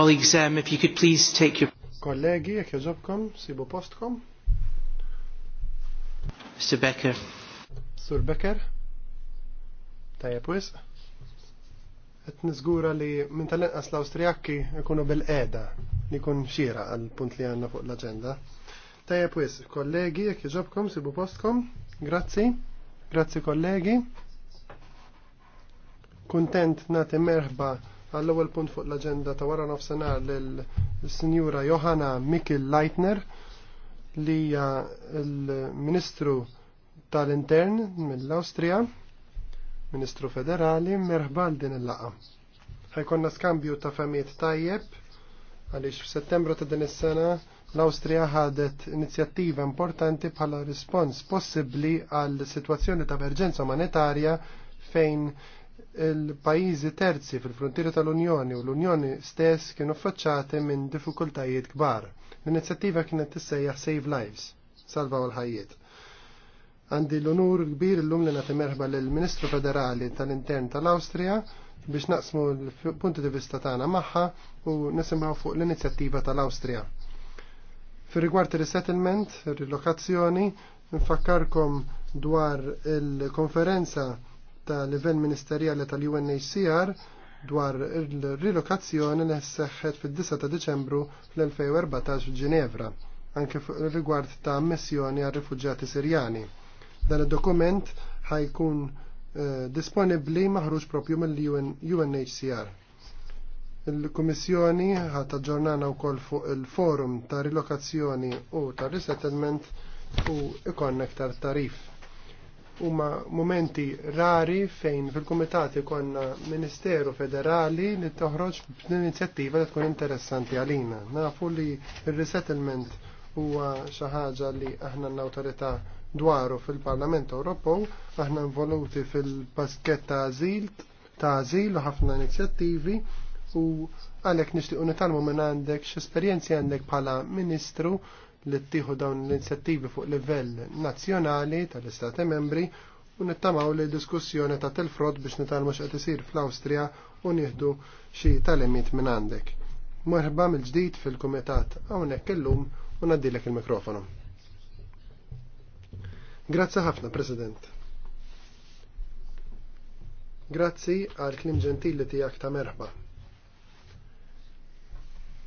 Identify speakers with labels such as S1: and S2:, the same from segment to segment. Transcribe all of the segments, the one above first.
S1: colleagues, um, if you could please take your... Kollegi, jek jazobkom, sibu postkom. Mr. Becker. Sir Becker. Tajja pwis. Et nizgura li minn tal-inqas l-Austrijakki ikunu bil-qeda li kun xira għal-punt li għanna fuq l-agenda. Tajja pwis, kollegi, jek jazobkom, sibu postkom. Grazzi. Grazzi kollegi. Kontent nati merħba għall-ewwel punt fuq l-aġenda ta' wara nofsena lill-Sinjura Johanna Mikil Leitner li hija l-Ministru tal-Intern mill-Awstrija, Ministru Federali, merħbal din il-laqa. Ħajkonna skambju ta' femijiet tajjeb għaliex f'Settembru ta' din is-sena l-Awstrija ħadet inizjattiva importanti bħala rispons possibbli għal sitwazzjoni ta' emerġenza umanitarja fejn il-pajizi terzi fil frontiri tal-Unjoni u l-Unjoni stess kienu faċċati minn diffikultajiet kbar. L-inizjattiva kienet tissejjaħ Save Lives, salvaw l-ħajjiet. Għandi l-onur kbir l-lum li nagħti merħba lill-Ministru Federali tal-Intern tal-Awstrija biex naqsmu l-punti di vista tagħna magħha u nisimgħu fuq l-inizjattiva tal-Awstrija. Fir-rigward il-resettlement, il-relokazzjoni, nfakkarkom dwar il-konferenza tal livell ministerjali tal-UNHCR dwar il-rilokazzjoni li seħħet fil 9 ta' Deċembru fl-2014 f'Ġinevra, anke rigward ta' missjoni għal rifugġati Sirjani. Dan id-dokument ħajkun eh, disponibbli maħruġ propju mill-UNHCR. Il-Kummissjoni ħat ġornana wkoll fuq il-forum ta' rilokazzjoni u ta' resettlement u ikon aktar tarif huma momenti rari fejn fil-kumitati konna Ministeru Federali li toħroġ b'inizjattiva li tkun interessanti għalina. Nafu li il-resettlement huwa xi ħaġa li aħna l-awtorità dwaru fil-Parlament Ewropew, aħna involuti fil-paskett ta' azil, ta' azil u ħafna inizjattivi u għalhekk nixtiequ nitalmu minn għandek x'esperjenzi għandek bħala Ministru li ttieħu dawn l-inizjattivi fuq livell nazzjonali tal-Istati membri u nittamaw li diskussjoni ta' telfrod biex nitalmu xaqt isir fl-Awstrija u nieħdu xi tal-imit minn għandek. Merħba mill-ġdid fil-kumitat hawnhekk illum u nadilek il-mikrofonu. Grazzi ħafna, President. Grazzi għal klim ġentili tiegħek ta' merħba.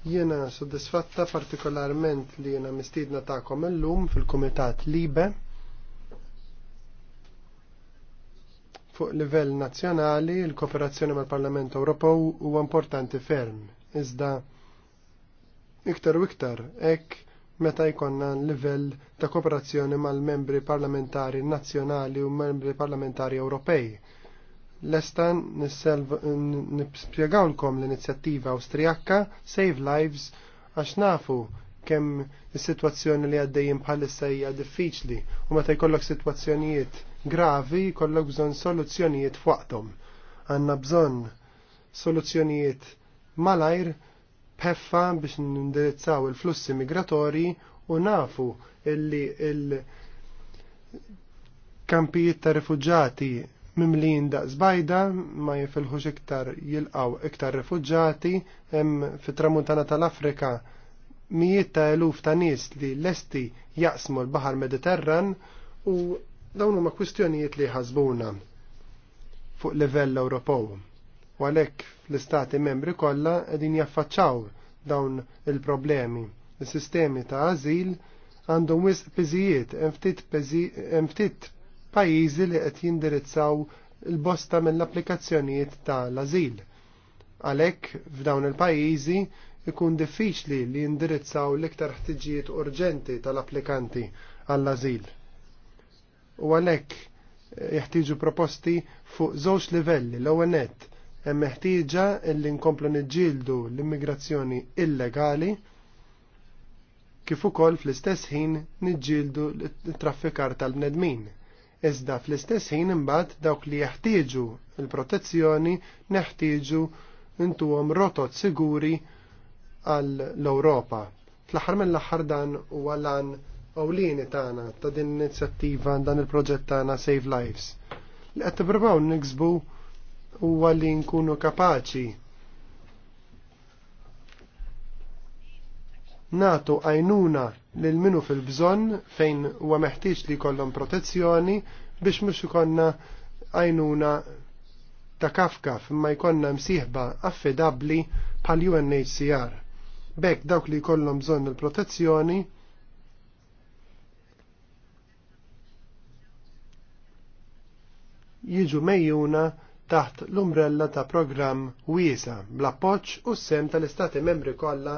S1: Jena soddisfatta partikolarment li jena mistidna ta'kom illum fil-Kumitat Libe fuq livell nazzjonali il-kooperazzjoni mal-Parlament Ewropew huwa importanti ferm. Iżda iktar u iktar hekk meta jkonna livell ta' kooperazzjoni mal-membri parlamentari nazzjonali u membri parlamentari Ewropej Lestan nispjegawlkom l-inizjattiva Austriakka Save Lives għax nafu kemm is-sitwazzjoni li għaddejjin bħalissa hija diffiċli u meta jkollok sitwazzjonijiet gravi jkollok bżonn soluzzjonijiet fuqhom. Għandna bżonn soluzzjonijiet malajr peffa biex nindirizzaw il-flussi migratorji u nafu illi il-kampijiet ta' rifugġati mimlin da' zbajda ma jifilħux iktar jilqaw iktar refugġati hemm fit-tramuntana tal-Afrika mijiet ta' eluf ta' nies li lesti jaqsmu l-Baħar Mediterran u dawn huma kwistjonijiet li ħasbuna fuq livell Ewropew. U għalhekk l-istati membri kollha qegħdin jaffaċċaw dawn il-problemi. Is-sistemi ta' ażil għandhom wisq piżijiet, hemm ftit pajjiżi li qed jindirizzaw il-bosta mill-applikazzjonijiet tal-azil. Għalhekk f'dawn il-pajjiżi ikun diffiċli li jindirizzaw l-iktar ħtiġijiet urġenti tal-applikanti għall-azil. U għalhekk eh, jeħtieġu proposti fuq żewġ livelli l net hemm meħtieġa li nkomplu niġġieldu l-immigrazzjoni illegali kif ukoll fl-istess ħin niġġieldu l-traffikar tal-bnedmin Iżda fl-istess ħin imbagħad dawk li jeħtieġu il-protezzjoni neħtieġu intuhom rotot siguri għall l-Ewropa. Fl-aħħar mill-aħħar dan huwa lan ewlieni tagħna ta' din l-inizjattiva dan il-proġett tagħna Save Lives. Li qed tippruvaw niksbu huwa li nkunu kapaċi natu għajnuna lil minu fil-bżonn fejn huwa meħtieġ li jkollhom protezzjoni biex mhux ikonna għajnuna ta' kafka imma jkollna msieħba affidabbli pal UNHCR. Bek dawk li jkollhom bżonn il-protezzjoni jiġu mejjuna taħt l-umbrella ta' programm wiesa bl-appoġġ u s-sem tal-Istati membri kollha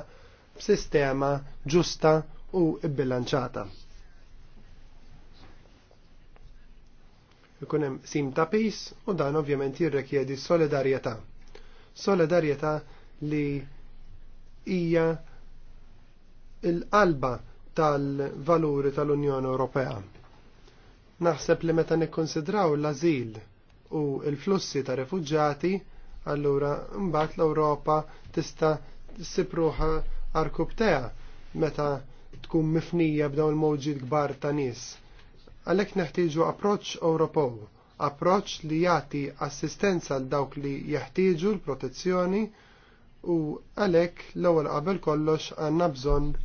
S1: b'sistema ġusta u bilanċata. Ikunem hemm sim ta' pis u dan ovvjament jirrekjedi solidarjetà. Solidarjetà li hija il-qalba tal-valuri tal-Unjoni Ewropea. Naħseb li meta nikkonsidraw l-azil u l-flussi ta' refugġati, allura mbagħad l-Ewropa tista' sipruħa teha meta tkun mifnija b'dawn il-mowġiet kbar ta' nies. Għalhekk neħtieġu approċċ Ewropew, approċċ li jagħti assistenza għal dawk li jeħtieġu l-protezzjoni u għalhekk l-ewwel qabel kollox għandna bżonn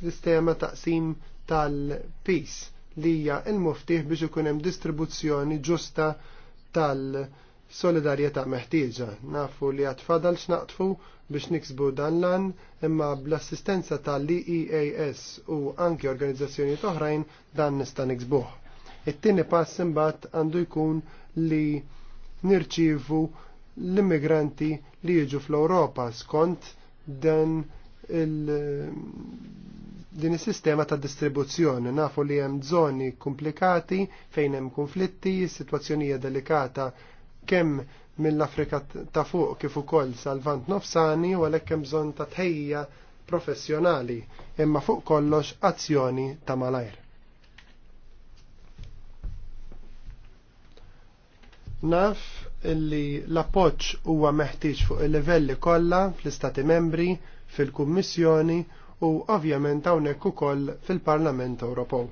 S1: sistema taqsim tal-peace li hija l-muftiħ biex ikun hemm distribuzzjoni ġusta tal-peace solidarjetà meħtieġa. Nafu li għatfadal x'naqtfu biex niksbu dan lan imma bl-assistenza tal-EEAS u anki organizzazzjoni oħrajn dan nista' niksbuħ. It-tieni pass imbagħad għandu jkun li nirċivu l-immigranti li jiġu fl-Ewropa skont dan il din is-sistema ta' distribuzzjoni nafu li hemm żoni komplikati fejn hemm konflitti, situazzjonija delikata kemm mill-Afrika ta' fuq kif ukoll salvant nofsani u għalhekk hemm bżonn ta' tħejja professjonali imma fuq kollox azzjoni ta' malajr. Naf illi l-appoġġ huwa meħtieġ fuq il-livelli kollha fl-Istati membri, fil-Kummissjoni u ovvjament hawnhekk ukoll fil-Parlament Ewropew.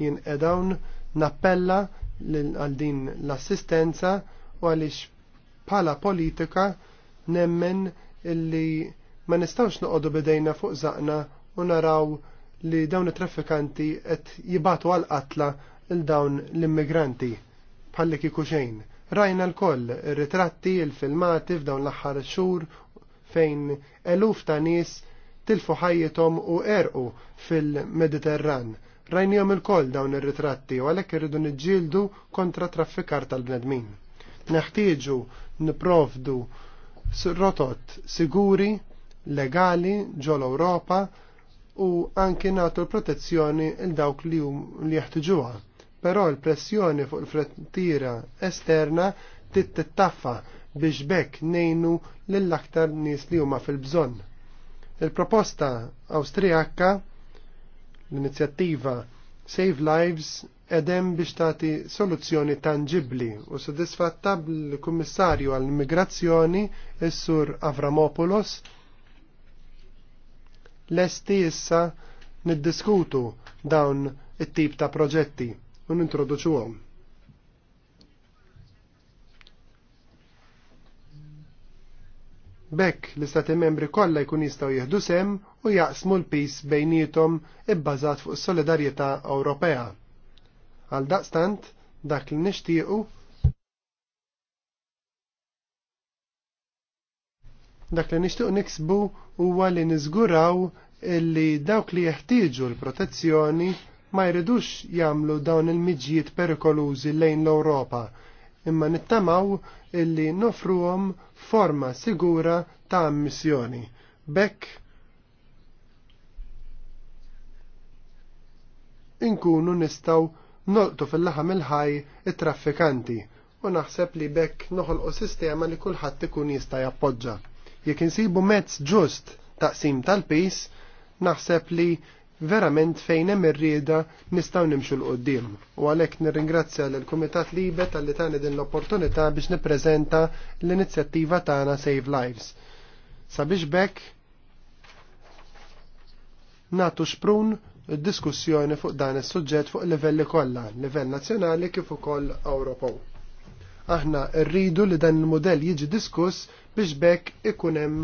S1: Jien qed nappella għal din l-assistenza u għaliex bħala politika nemmen illi ma nistawx noqogħdu bidejna fuq zaqna u naraw li dawn it-traffikanti qed jibatu għal qatla il dawn l-immigranti bħalli kieku xejn. Rajna l-koll ir-ritratti, il-filmati f'dawn l-aħħar xhur fejn eluf ta' nies tilfu ħajjithom u erqu fil-Mediterran Rajnijom il-koll dawn ir-ritratti u għalhekk irridu niġġieldu kontra traffikar tal-bnedmin. Neħtieġu niprovdu rotot siguri, legali ġol Ewropa u anki nagħtu l-protezzjoni il dawk li li jeħtiġuha. Però l-pressjoni fuq il frettira esterna tittaffa biex bekk nejnu lill-aktar nies li huma fil-bżonn. Il-proposta Awstrijakka L-inizjattiva Save Lives edem biex tagħti soluzzjoni tangibli u sodisfatta bil-Kummissarju għall-Immigrazzjoni is-Sur Avramopoulos lesti issa niddiskutu dawn it-tip ta' proġetti u nintroduċuhom. Bekk l-istati membri kollha jkun jistgħu jieħdu sem u jaqsmu l-pis bejnietom ibbażat fuq is-solidarjetà Ewropea. Għal daqstant, dak li nixtiequ dak li nixtiequ niksbu huwa li niżguraw illi dawk li jeħtieġu l-protezzjoni ma jridux jagħmlu dawn il miġijiet perikolużi lejn l-Ewropa imma nittamaw illi nofruhom forma sigura ta' ammissjoni. Bekk inkunu nistaw noltu fil-laħam il-ħaj it-traffikanti u naħseb li bekk noħolqu sistema li kulħadd ikun jista' jappoġġa. Jekk insibu mezz ġust taqsim tal-pis, naħseb li verament fejn hemm ir-rieda nistgħu nimxu l qoddim U għalhekk nirringrazzja lill Kumitat Libe talli tani din l-opportunità biex nippreżenta l-inizjattiva tagħna Save Lives. Sabiex bekk natu xprun diskussjoni fuq dan is-suġġett fuq livelli kollha, livell nazzjonali kif ukoll Ewropew. Aħna rridu li dan il mudell jiġi diskuss biex bekk ikun hemm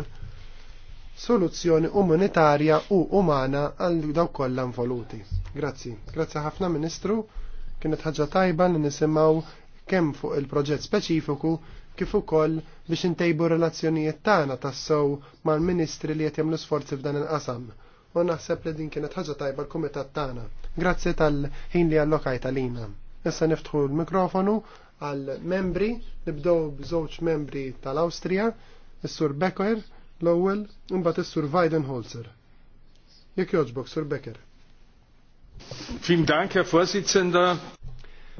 S1: soluzzjoni umanitarja u umana għal daw kollha involuti. Grazzi. Grazzi ħafna Ministru. Kienet ħaġa tajba li nisimgħu kemm fuq il-proġett speċifiku kif ukoll biex intejbu relazzjonijiet tagħna tassew mal-ministri li qed jagħmlu sforzi f'dan il-qasam. U naħseb li din kienet ħaġa tajba l-kumitat tagħna. Grazzi tal-ħin li allokaj tal-ina. Issa niftħu l-mikrofonu għal membri, nibdew b'żewġ membri tal-Awstrija, is-Sur Becker, L-ewwel imbagħad is-Sur Weidenholzer. Jekk jogħġbok, Sur Becker. Fim Dank, Herr Vorsitzender.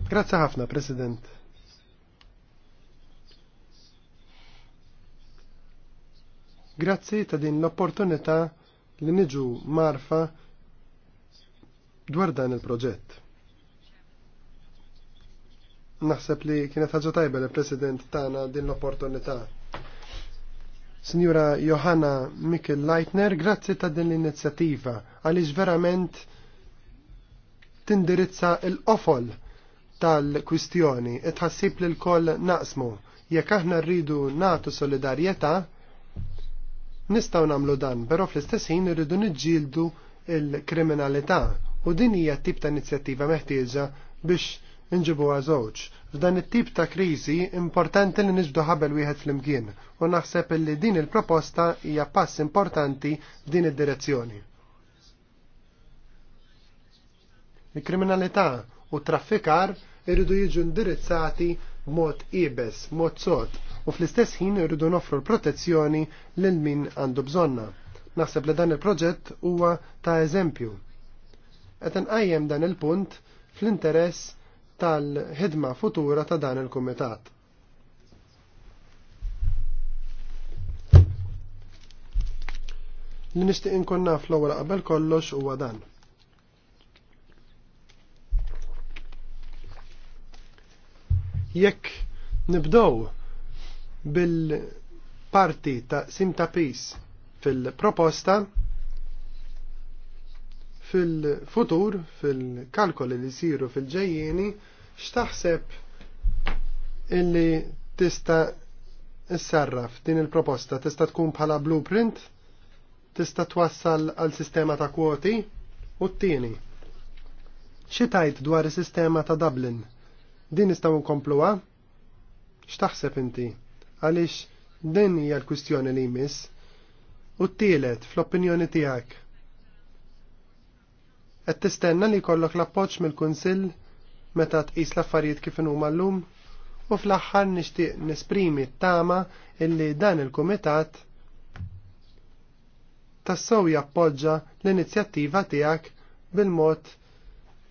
S1: Grazie ħafna, President. Grazzi ta' din l-opportunità li niġu marfa dwar dan il-proġett. Naħseb li kienet ħaġa tajba li President tagħna din l-opportunità Signora Johanna Mikkel Leitner, grazzi ta' din l-inizjattiva għaliex verament tindirizza l-qofol tal-kwistjoni itħassib li l-koll naqsmu. Jekk aħna rridu natu solidarjetà, nistgħu nagħmlu dan, però fl-istess ħin irridu niġġieldu l kriminalità u din hija tip ta' inizjattiva meħtieġa biex inġibu għazoċ. F'dan it-tip ta' kriżi importanti li niġbdu ħabel wieħed flimkien u naħseb li din il-proposta hija pass importanti f'din id-direzzjoni. Il-kriminalità u traffikar irridu jiġu indirizzati b'mod ibes, mod sod, u fl-istess ħin irridu nofru l-protezzjoni lil min għandu bżonna. Naħseb li dan il-proġett huwa ta' eżempju. Qed inqajjem dan il-punt fl-interess tal-ħidma futura ta' dan il-Kumitat. Li nixtieq inkun naf l-ewwel qabel kollox huwa dan. Jekk nibdow bil-parti ta' sim ta' pis fil-proposta, fil-futur, fil-kalkoli li jsiru fil-ġejjieni, x'taħseb illi tista' s-sarraf din il-proposta tista' tkun bħala blueprint, tista' twassal għal sistema ta' kwoti u t tini Xi tajt dwar is-sistema ta' Dublin? Din nistgħu nkompluha? X'taħseb inti? Għaliex din hija l-kwistjoni li jmiss. U t-tielet fl-opinjoni tiegħek Qed tistenna li jkollok l-appoġġ mill-Kunsill meta tqis l-affarijiet kif huma llum u fl-aħħar nixtieq nesprimi t-tama illi dan il-kumitat tassew jappoġġa l-inizjattiva tiegħek bil-mod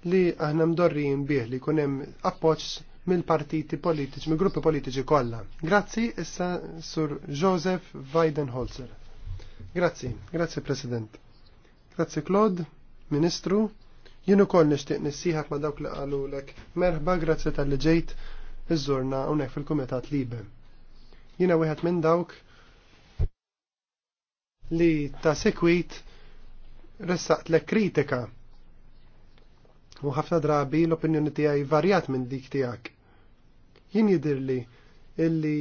S1: li aħna mdorrin bih li jkun hemm appoġġ mill-partiti politiċi, mill-gruppi politiċi kollha. Grazzi issa sur Joseph Weidenholzer. Grazzi, grazzi President. Grazzi Claude. Ministru, jien ukoll nixtieq nissieħak ma' dawk li qalulek. Merħba grazzi tal-li ġejt iżżurna hawnhekk fil-Kumitat Libe. Jiena wieħed minn dawk li ta' sekwit ressaqt lek kritika u ħafna drabi l-opinjoni tiegħi varjat minn dik tiegħek. Jien jidirli illi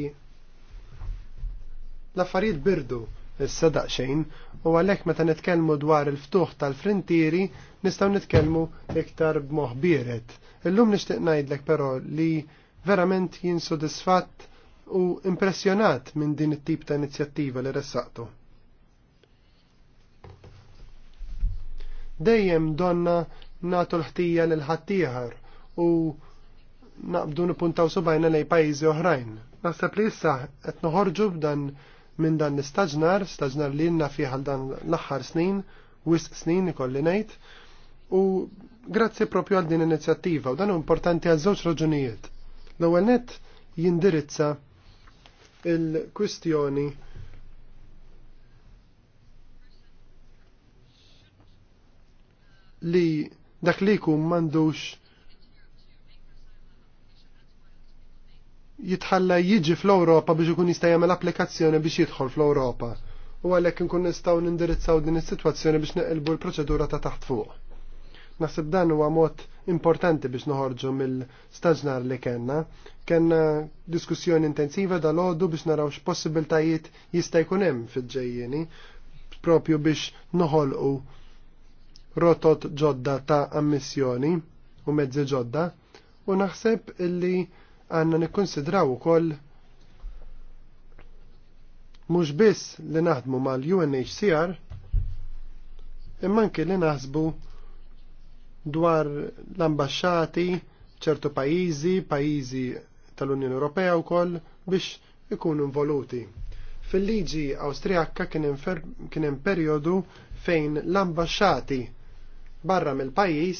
S1: l-affarijiet birdu issa daqsxejn u għalhekk meta nitkellmu dwar il-ftuħ tal-frintieri nistgħu nitkellmu iktar b'moħħ bieret. Illum nixtieq ngħidlek però li verament jien sodisfatt u impressjonat minn din it-tip ta' inizjattiva li ressaqtu. Dejjem donna nagħtu l-ħtija lil ħaddieħor u naqbdu nipuntaw subajna lej pajjiżi oħrajn. Naħseb li issa qed noħorġu b'dan minn dan l-istaġnar, staġnar li jenna fiħal dan l-axħar snin, wis snin ikolli nejt, u grazzi propju għal din inizjattiva, u dan u importanti għal żewġ raġunijiet. L-ewwel net jindirizza il-kwistjoni li dak li jkun mandux jitħalla jiġi fl-Ewropa biex ikun jista' jagħmel applikazzjoni biex jidħol fl-Ewropa. U għalhekk inkun nistgħu nindirizzaw din is-sitwazzjoni biex neqilbu l-proċedura ta' taħt fuq. Naħseb dan huwa mod importanti biex noħorġu mill-staġnar li kellna. Kenna diskussjoni intensiva dal-għodu biex naraw x'possibiltajiet jista' jkun hemm fil ġejjeni propju biex noħolqu rotot ġodda ta' ammissjoni u mezzi ġodda u naħseb illi għanna nikkonsidraw ukoll mhux biss li naħdmu mal-UNHCR imma anke li naħsbu dwar l-ambasċati ċertu pajjiżi, pajjiżi tal-Unjoni Ewropea wkoll biex ikunu involuti. Fil-liġi Awstrijakka kien hemm perjodu fejn l-ambasċati barra mill-pajjiż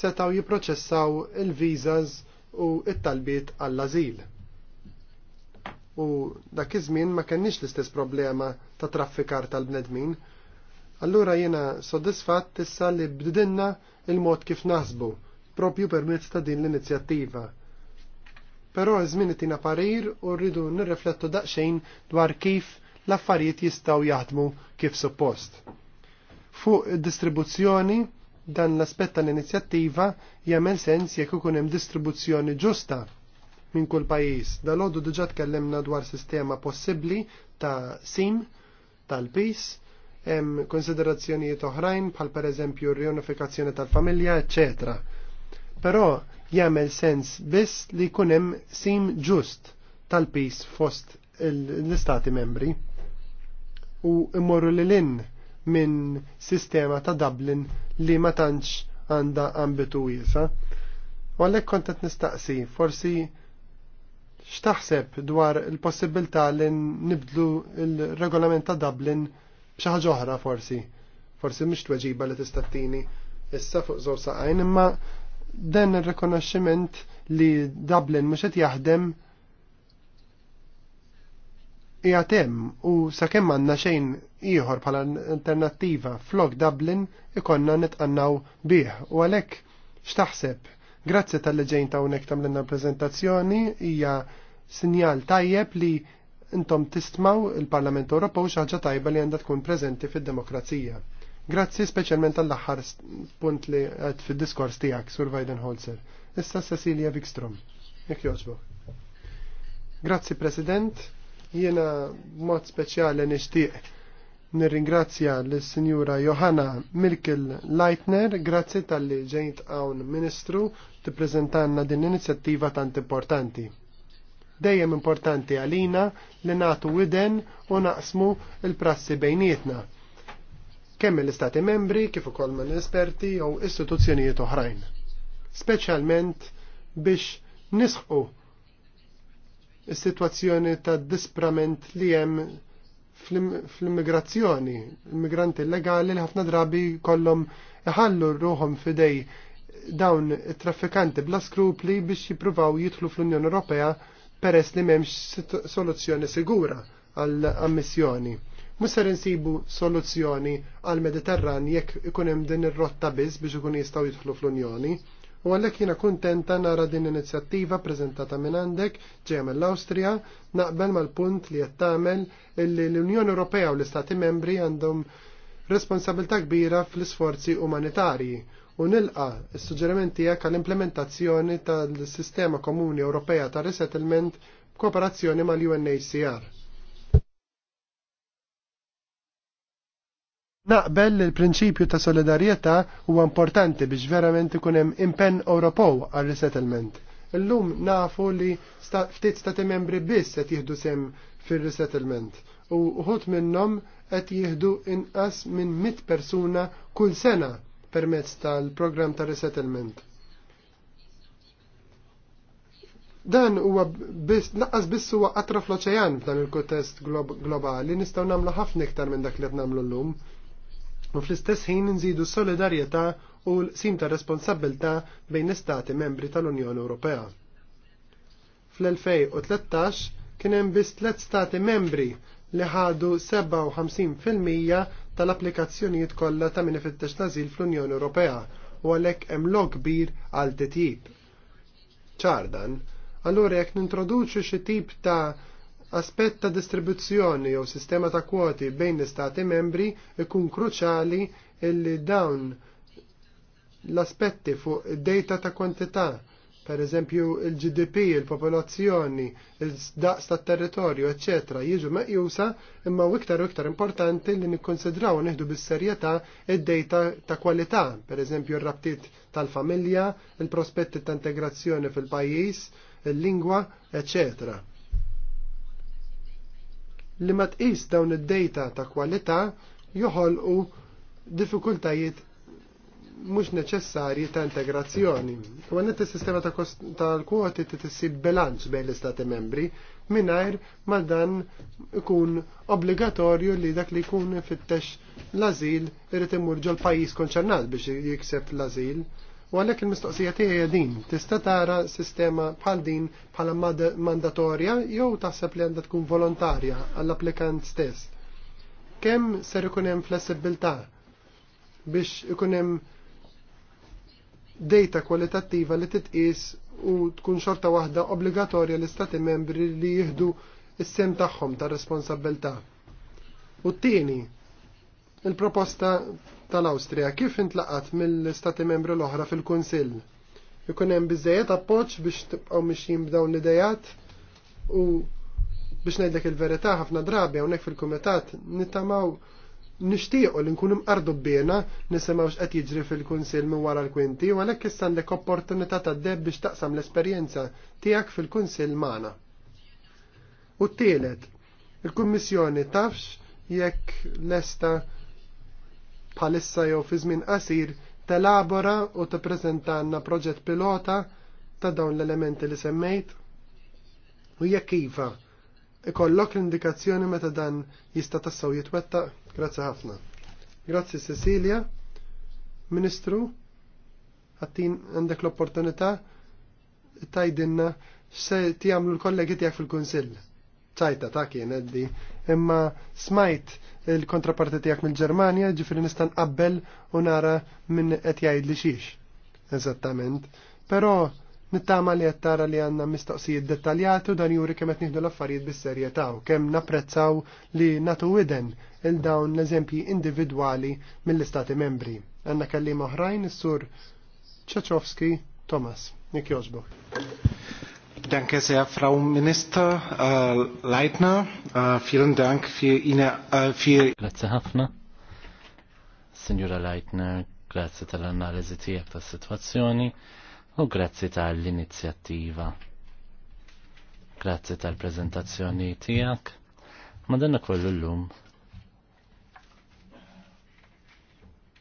S1: setaw jipproċessaw il-vizas u it-talbiet għall-azil. U dak iż-żmien ma kenniex l-istess problema ta' traffikar tal-bnedmin. Allura jiena sodisfatt issa li bdidinna il-mod kif naħsbu, propju permezz ta' din l-inizjattiva. Però iż-żmien itina parir u rridu nirriflettu daqsxejn dwar kif l-affarijiet jistgħu jaħdmu kif suppost. Fuq id-distribuzzjoni dan l-aspett tal-inizjattiva jagħmel sens jekk ikun hemm distribuzzjoni ġusta minn kull pajjiż. Dalodu diġà tkellimna dwar sistema possibbli ta' sim tal-pis, hemm konsiderazzjonijiet oħrajn bħal pereżempju r-reunifikazzjoni tal-familja, eċċetera. Però jagħmel sens biss li jkun hemm sim ġust tal-pis fost l-istati membri u immorru lil-in minn sistema ta' Dublin li ma tantx għandha ambitu wiesa. U għalhekk kont qed nistaqsi, forsi x'taħseb dwar il-possibilità li nibdlu il-regolament ta' Dublin b'xi ħaġa oħra forsi. Forsi mhux tweġiba li tista' tini issa fuq żewġ imma dan ir-rikonoxximent li Dublin mhux qed jaħdem qiegħed hemm u sakemm għandna xejn ieħor bħala alternattiva flok Dublin ikonna nitqannaw bih u għalhekk x'taħseb Grazzi tal leġejn ta' ta' unek tamlenna prezentazzjoni hija sinjal tajjeb li intom tistmaw il-Parlament Ewropew xi ħaġa tajba li għandha tkun preżenti fid-demokrazija. Grazzi speċjalment tal-aħħar punt li qed fid-diskors tiegħek Sur Weidenholzer. Issa Cecilia Wikstrom. Jekk jogħġbok. Grazzi President. Jiena mod speċjali nixtieq nirringrazzja l-Sinjura Johanna Milkel Leitner, grazzi tal-li ġejt għawn Ministru tippreżentanna din l-inizjattiva tant importanti. Dejjem importanti għalina li natu widen u naqsmu il-prassi bejnietna. Kemm l-Istati membri kif ukoll mill esperti jew istituzzjonijiet oħrajn. Speċjalment biex nisħu is-sitwazzjoni ta' disprament li hemm fl-immigrazzjoni. Immigranti illegali li ħafna drabi kollhom iħallu ruhom fidej dawn it-traffikanti bla skrupli biex jippruvaw jidħlu fl-Unjoni Ewropea peress li m'hemmx soluzzjoni sigura għall ammissjoni Mhux ser insibu soluzzjoni għall mediterran jekk ikun hemm din ir-rotta biss biex ikun jistgħu jidħlu fl-Unjoni. U għalhekk jina kuntenta nara din l-inizjattiva preżentata minn għandek ġejja l awstrija naqbel mal-punt li qed tagħmel illi l-Unjoni Ewropea u l-Istati Membri għandhom responsabilità kbira fl-isforzi umanitarji u nilqa s-suġġerimenti tiegħek għall-implementazzjoni tal-Sistema Komuni Ewropea ta' Resettlement b'kooperazzjoni mal-UNHCR Naqbel li l-prinċipju ta' solidarjetà huwa importanti biex verament ikun hemm impenn Ewropew għal resettlement. Illum nafu li ftit stati membri biss qed jieħdu sem fir-resettlement u ħut minnhom qed jieħdu inqas minn mit persuna kull sena permezz tal-programm ta' resettlement. Dan huwa biss naqas biss huwa qatra fl-oċean f'dan il-kuntest globali nistgħu nagħmlu ħafna iktar minn dak li qed nagħmlu llum u fl-istess ħin nżidu solidarjetà u l-sim ta' responsabilta bejn l-istati membri tal-Unjoni Ewropea. Fl-2013 kien hemm biss tliet stati membri li ħadu 57% tal-applikazzjonijiet kollha ta' min ifittex tażil fl-Unjoni Ewropea u għalhekk hemm log kbir għal titjib. ċardan, allura jekk nintroduċu xi tip ta' aspett ta' distribuzzjoni jew sistema ta' kwoti bejn l-istati membri ikun kruċali illi dawn l-aspetti fuq id-data ta' kwantità per eżempju il-GDP, il-popolazzjoni, il-daqs tat territorju ecc. jiġu meqjusa imma u iktar u iktar importanti li nikkonsidraw nieħdu bis-serjetà id-dejta ta' kwalità, per eżempju r rabtit tal-familja, il-prospetti ta' integrazzjoni fil-pajjiż, il-lingwa, eccetera li ma tqis dawn id-data ta' kwalità joħolqu diffikultajiet mhux neċessarji ta' integrazzjoni. U għannet is-sistema tal-kwoti tissib bilanċ bejn l-Istati membri mingħajr ma dan ikun obbligatorju li dak li jkun fittex l-azil irid imur ġol pajjiż konċernat biex jikseb l-azil U għalhekk il-mistoqsija tiegħi din, tista' tara sistema bħal din bħala mandatorja jew taħseb li għandha tkun volontarja għall-applikant stess. Kemm ser ikun hemm flessibilità biex ikun hemm data kwalitattiva li titqis u tkun xorta waħda obbligatorja l-istati membri li jieħdu is-sem tagħhom ta' responsabilità. U t-tieni, Il-proposta tal-Awstrija kif intlaqat mill-Stati membri l-oħra fil-Kunsill? Ikun hemm biżejjed appoġġ biex tibqgħu mixjin b'dawn l-idejat u biex ngħidlek il-verità ħafna drabi hawnhekk fil-kumitat nittamaw nishtiqo li nkunu mqardu bbiena nisimgħu x'qed jiġri fil-kunsil minn wara l-kwinti u għalhekk issa għandek opportunità ta' deb biex taqsam l-esperjenza tiegħek fil-kunsil magħna. U t-tielet, il-Kummissjoni tafx jekk lesta bħalissa jew fi żmien qasir telabora u għandna proġett pilota ta' dawn l-elementi li semmejt? U jekk iva, ikollok l-indikazzjoni meta dan jista' tassew jitwettaq? Grazzi ħafna. Grazzi Cecilia, Ministru, għattin għandek l-opportunità tajdinna se tijamlu l-kollegi tijak fil-Konsill ċajta ta' kien eddi, imma smajt il-kontraparti tijak mill ġermania ġifri nistan qabbel u nara minn qed jgħid li xiex. Eżattament. Però nittama li qed tara li għandna mistoqsijiet dettaljati u dan juri kemm qed nieħdu l-affarijiet bis-serjetà u kemm napprezzaw li natu widen il dawn l-eżempji individwali mill-istati membri. Għandna kelliem oħrajn is-sur Ċaċowski Thomas. Nik jożbok.
S2: Danke sehr, Frau Minister äh, Leitner. Äh, vielen Dank für Ihre... Äh, für
S3: grazie ħafna. Signora Leitner, grazie tal l'analisi di questa situazione u grazie tal-inizjattiva. Grazie tal-prezentazzjoni di Ma kollu quello lum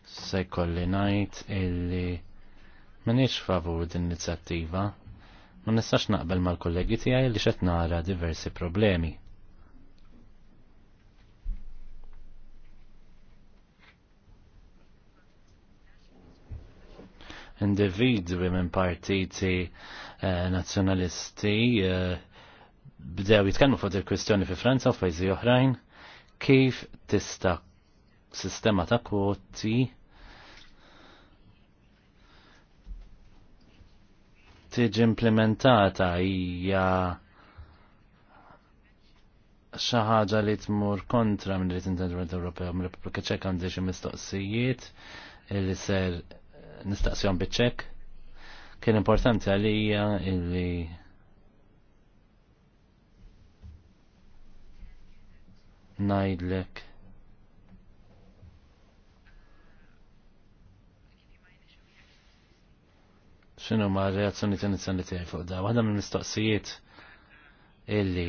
S3: Se kolli najt illi minix favur din inizjattiva ma nistax naqbel mal-kollegi tiegħi li xed nara diversi problemi. Individwi minn partiti eh, nazzjonalisti eh, bdew jitkellmu fuq il-kwistjoni fi Franza u fajzi oħrajn kif tista' sistema ta' kwoti tiġi implementata hija xi ħaġa li tmur kontra minn rrid intendiment Ewropew mill Repubblika Ċek għandi xi mistoqsijiet li ser nistaqsihom biċċekk. Kien importanti għalija illi ngħidlek xinu ma reazzjoni t t tiegħi fuq da. Waħda mill-mistoqsijiet illi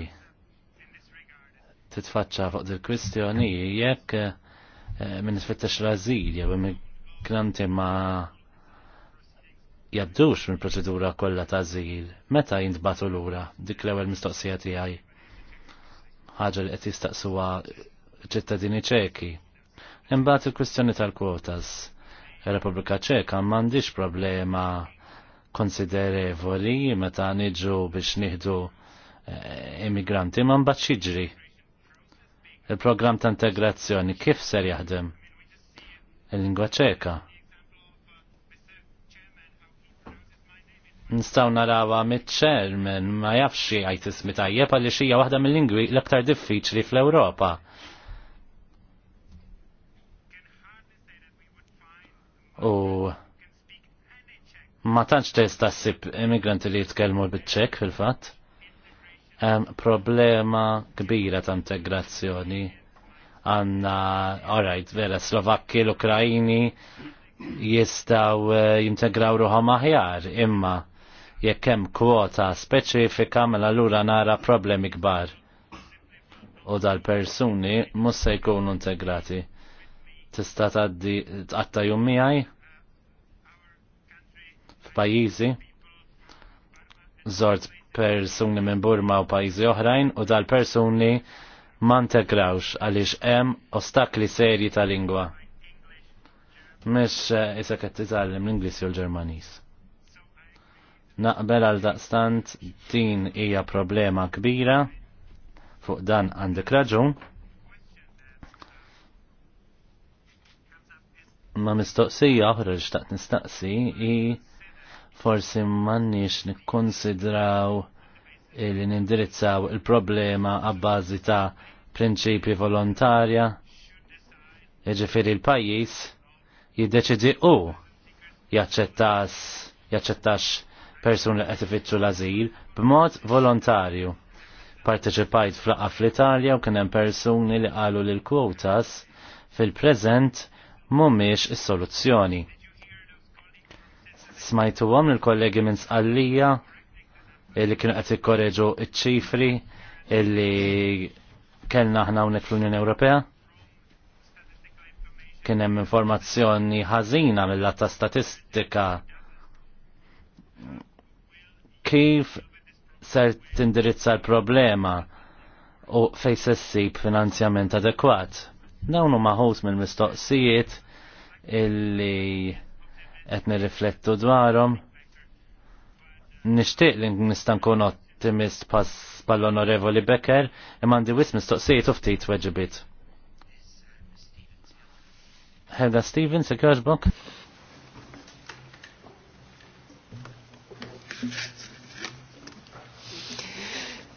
S3: titfaċċa fuq dil kwistjoni jekk eh, minn t-fittax l-azil minn immigranti ma jabdux mill proċedura kollha ta' zil. meta jintbatu lura dik l-ewwel mistoqsija tiegħi. Ħaġa li qed jistaqsuha ċittadini ċeki. Imbagħad il-kwistjoni tal-kwotas. Il-Repubblika Ċeka m'għandix problema konsiderevoli meta niġu biex nieħdu eh, immigranti ma mbagħad xiġri. Il-programm ta' integrazzjoni kif ser jaħdem? Il-lingwa ċeka. Nistaw narawa mit-ċermen ma jafxie xi għajt ismi tajjeb għalli xija waħda mill-lingwi l-aktar diffiċli fl-Ewropa. U ma tantx tista' ssib immigranti li jitkellmu biċ-ċek fil-fatt. Hemm problema kbira ta' integrazzjoni għanna, alright, vera, Slovakki, l-Ukrajini jistaw eh, jintegraw ruħom aħjar, imma jekk hemm kwota speċifika mela l-ura nara problemi kbar. U dal-persuni mhux se jkunu integrati. Tista' tgħaddi tqatta jum miegħi? pajizi Zort persuni minn Burma u pajjiżi oħrajn u dal-persuni ma integrawx għaliex hemm ostakli serji ta' lingwa. Mish eh, isa qed titgħallem l-Ingliż jew l-Ġermaniż. Naqbel għal daqstant din hija problema kbira fuq dan għandek raġun. Ma mistoqsija oħra li xtaqt nistaqsi hi forsi mannix nikkonsidraw li nindirizzaw il-problema għabbażi ta' prinċipi volontarja, ġifiri l-pajis jiddeċidi u jaċċettax persun li qed ifittxu l-azil b'mod volontarju. Parteċipajt fl-aqqa fl-Italja u kien hemm persuni li qalu lil kwotas fil-preżent mhumiex is-soluzzjoni smajtu għom il kollegi minn sqallija illi kienu għati korreġu iċ-ċifri illi kellna ħna unek l-Unjoni Ewropea. Kien hemm informazzjoni ħażina mill ta' statistika kif ser tindirizza l-problema u fej sessib finanzjament adekwat. huma maħus mill-mistoqsijiet illi qed nirriflettu dwarhom. Nixtieq li nista' nkun ottimist pass pall-Onorevoli Becker imma għandi wis mistoqsijiet u ftit weġibit. Hedda Stevens, ikkaġbok?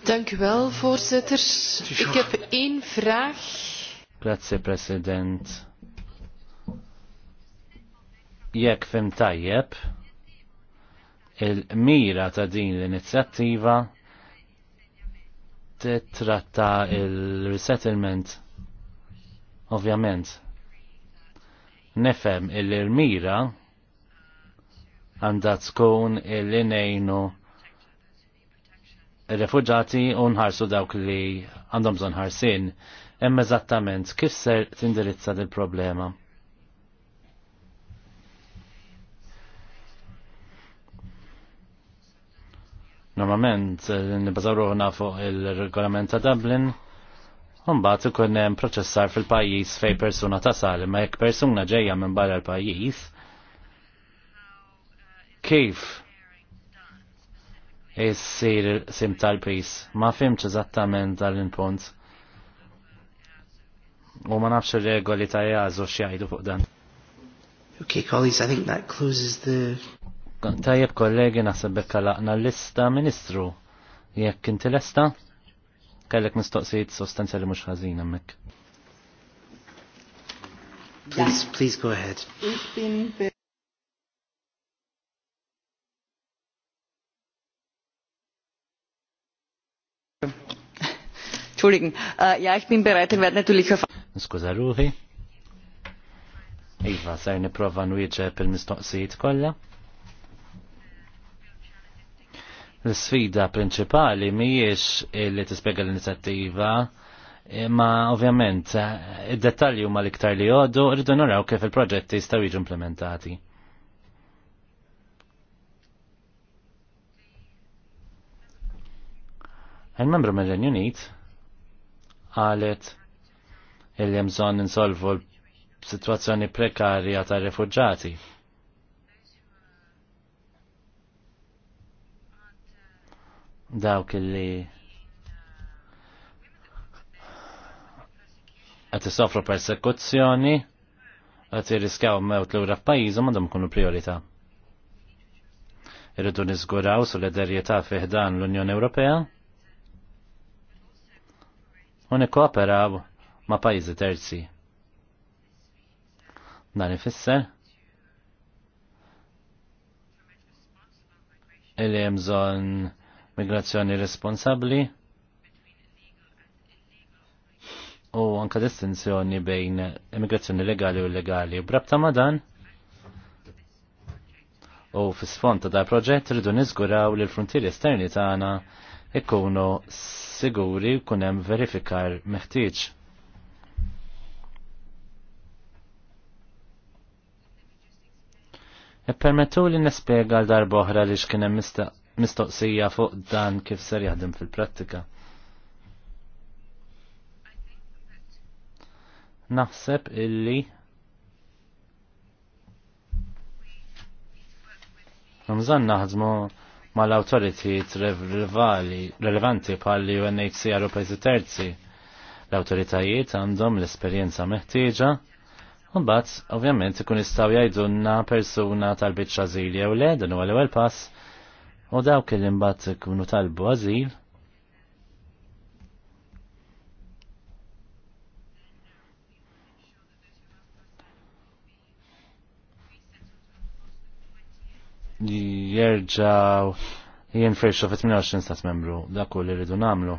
S2: Dank u wel, voorzitter.
S3: Ik heb
S1: één vraag.
S3: Grazie, president jekk fim tajjeb, il-mira ta' din l-inizjattiva titratta il-resettlement. Ovvjament, nefem il-mira għandha tkun il-inejnu il-refugġati unħarsu dawk li għandhom zonħarsin, ħarsin, imma eżattament kif ser tindirizza dil-problema. Normalment, għuna eh, fuq il-regolament ta' Dublin, Mbagħad ikun hemm proċessar fil-pajjiż fejn persuna ta' tasal, imma jekk persuna ġejja minn barra l-pajjiż, kif jessir sim tal pajis Ma fimx eżattament dal punt U ma nafx ir-regoli ta' jażu xjajdu fuq dan. Okay, colleagues, I think that closes the Tajjeb kollegi naħseb bekka laqna l-lista ministru. Jekk inti lesta? Kellek mistoqsijiet sostanzjali mhux ħażin hemmhekk. Please, please go ahead. Entschuldigen. Uh, ja, ich bin bereit und werde natürlich Niskuza ruħi. Iva, ser niprofa nwieġeb il-mistoqsijiet kolla. l-sfida prinċipali mhijiex li tispjega l-inizjattiva imma ovvjament id-dettalji huma l-iktar li għodu rridu naraw kif il-proġetti jistgħu jiġu implementati. Il-membru mill-Renju Unit qalet il-jemżon insolvu l-situazzjoni prekarja ta' refugġati. dawk li għat soffru persekuzzjoni għat jiriskaw mewt l-ura f'pajizu mandom kunu priorita. Irridu nizguraw solidarjetà fiħdan l-Unjoni Ewropea u nikkooperaw ma' pajizi terzi. Dan ifisser li migrazzjoni responsabli u anka distinzjoni bejn immigrazzjoni legali u illegali. Brabta madan, dan u fis-sfond ta' dal proġett rridu niżguraw li l-frontieri esterni tagħna ikunu siguri kun hemm verifikar meħtieġ. Ippermettu e li nispjega għal darba oħra li x'kien hemm mistaq mistoqsija fuq dan kif ser jaħdem fil-prattika. Naħseb illi Mżan naħdmu mal-autoritiet relevanti pal UNHCR u pajzi terzi. L-autoritajiet għandhom l-esperjenza meħtieġa mbagħad ovvjament, ikun jistgħu jajdunna persuna tal-bicċa zilja u le, dan u l-ewel pass, u daw kellim bat kunu talbu għażil jerġaw fresh of 28 stat membru, dak u li rridu namlu.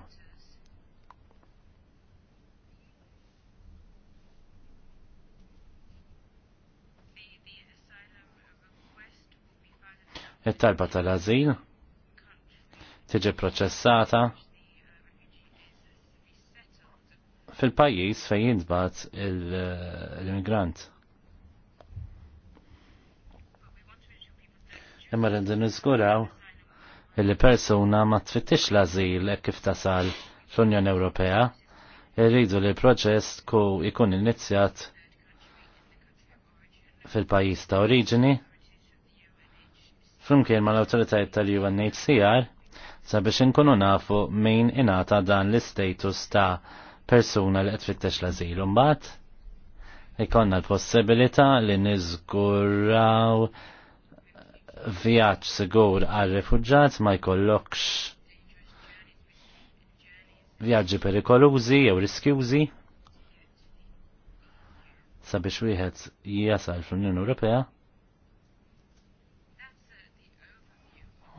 S3: it-talba tal-azil tiġi proċessata fil-pajjiż fejn jintbagħat l-immigrant. Imma rridu niżguraw li persuna ma tfittix l-azil kif tasal fl-Unjoni Ewropea, irridu li l-proċess jkun inizjat fil-pajjiż ta' oriġini flimkien mal awtoritajiet tal-UNHCR sabiex inkunu nafu min inata dan l-istatus ta' persuna li qed fittex l-azil. Mbagħad ikonna l-possibilità li niżguraw vjaġġ sigur għal refuġġat ma jkollokx vjaġġi perikolużi jew riskjużi sabiex wieħed jasal fl-Unjoni Ewropea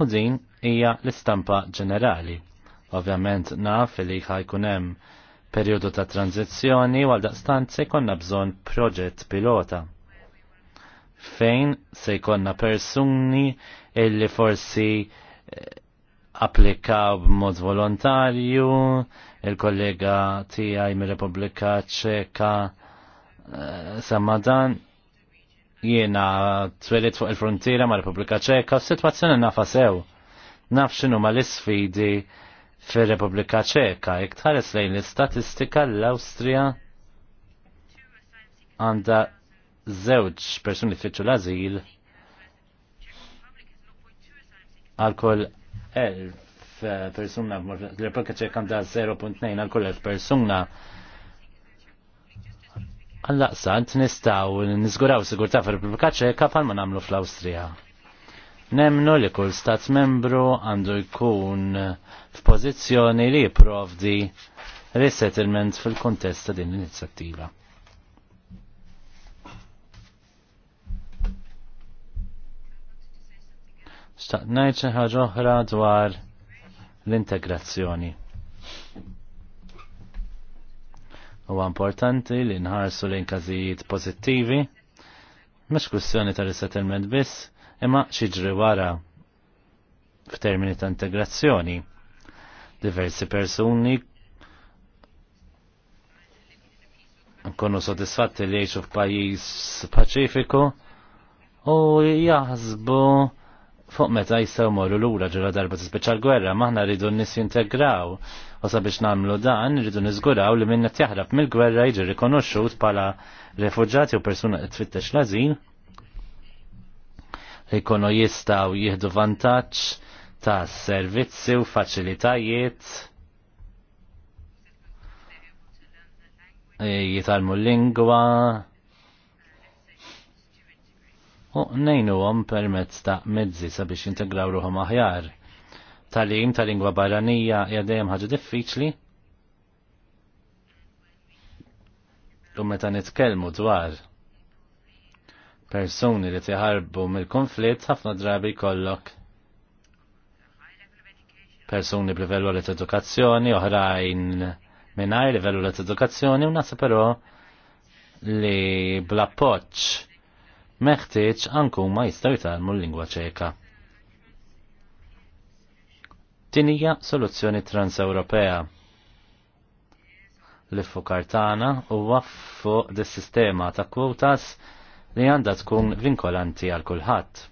S3: u din hija l-istampa ġenerali. Ovvjament naf li ħajkun hemm perjodu ta' tranzizzjoni għal daqstant se jkollna bżonn proġett pilota. Fejn se jkollna persuni illi forsi eh, applikaw b'mod volontarju, il-kollega tiegħi mir-Repubblika Ċeka eh, samadan jiena twelit fuq il-frontiera ma' Repubblika Ċeka, situazzjoni nafa sew. Naf xinu ma' l-isfidi fir-Repubblika Ċeka, iktħares lejn l-istatistika l-Awstrija għandha żewġ persuni fitxu l-azil għal-koll elf persuna, l-Repubblika Ċeka għandha 0.2 għal-koll elf persuna għant nistaw nizguraw sigurta fil republika Ċeka pal ma namlu fl-Awstrija. Nemnu li kull stat membru għandu jkun f'pożizzjoni li jiprovdi resettlement fil-kontest ta' din l-inizjattiva. Xtaqnajt xi ħaġa oħra dwar l-integrazzjoni. Huwa importanti li nħarsu lejn każijiet pożittivi, mux kwistjoni ta' resettlement biss, imma xieġri wara f'termini ta' integrazzjoni. Diversi persuni nkunu sodisfatti li jgħixu f'pajjiż paċifiku u jaħsbu fuq meta jistaw morru l-ura ġura darba t gwerra maħna rridu nis jintegraw u sabiex namlu dan rridu niżguraw li minna jaħrab mill-gwerra jiġi rikonoxxut pala refugġati u persuna tfittex l-azin li jkunu jistaw jihdu vantaġġ ta' servizzi u faċilitajiet e, jitalmu l-lingwa u nejnu għom permezz ta' mezzi sabiex integraw ruħom aħjar. Talim ta' lingwa barranija jadem ħagġa diffiċli. U meta nitkellmu dwar persuni li tiħarbu mill-konflitt ħafna drabi kollok persuni b'livellu għalet edukazzjoni, oħrajn minnaj livellu għalet edukazzjoni, u nasa però li bla poċ meħtieġ anku ma jistaw jitalmu l-lingwa ċeka. Tinija soluzzjoni transewropea li kartana u waffu dis-sistema ta' kwotas li għandha tkun vinkolanti għal kulħadd.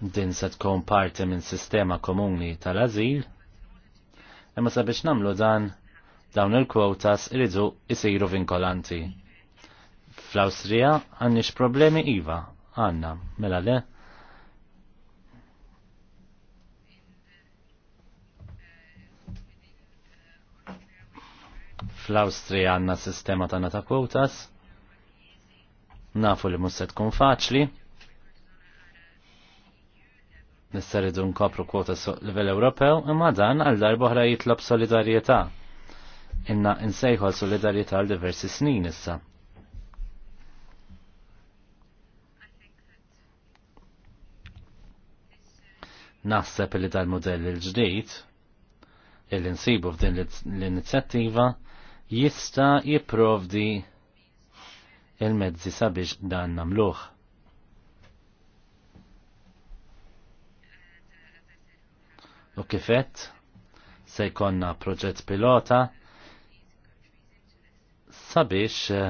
S3: din se tkun parti minn sistema komuni tal-azil, imma sabiex namlu dan dawn il-kwotas iridu jisiru vinkolanti. Fl-Awstrija għandix problemi iva, għanna, mela le? Fl-Awstrija għanna sistema tagħna ta' kwotas, nafu li mhux se tkun faċli, nistaridu nkopru kwota fuq livell Ewropew imma dan għal darba oħra jitlob solidarjetà inna insejħu għal solidarieta għal diversi snin issa. Naħseb li dal-modell il-ġdid il nsibu f'din l-inizjattiva jista' jipprovdi il-mezzi sabiex dan namluħ. U kifett se jkonna proġett pilota sabiex eh,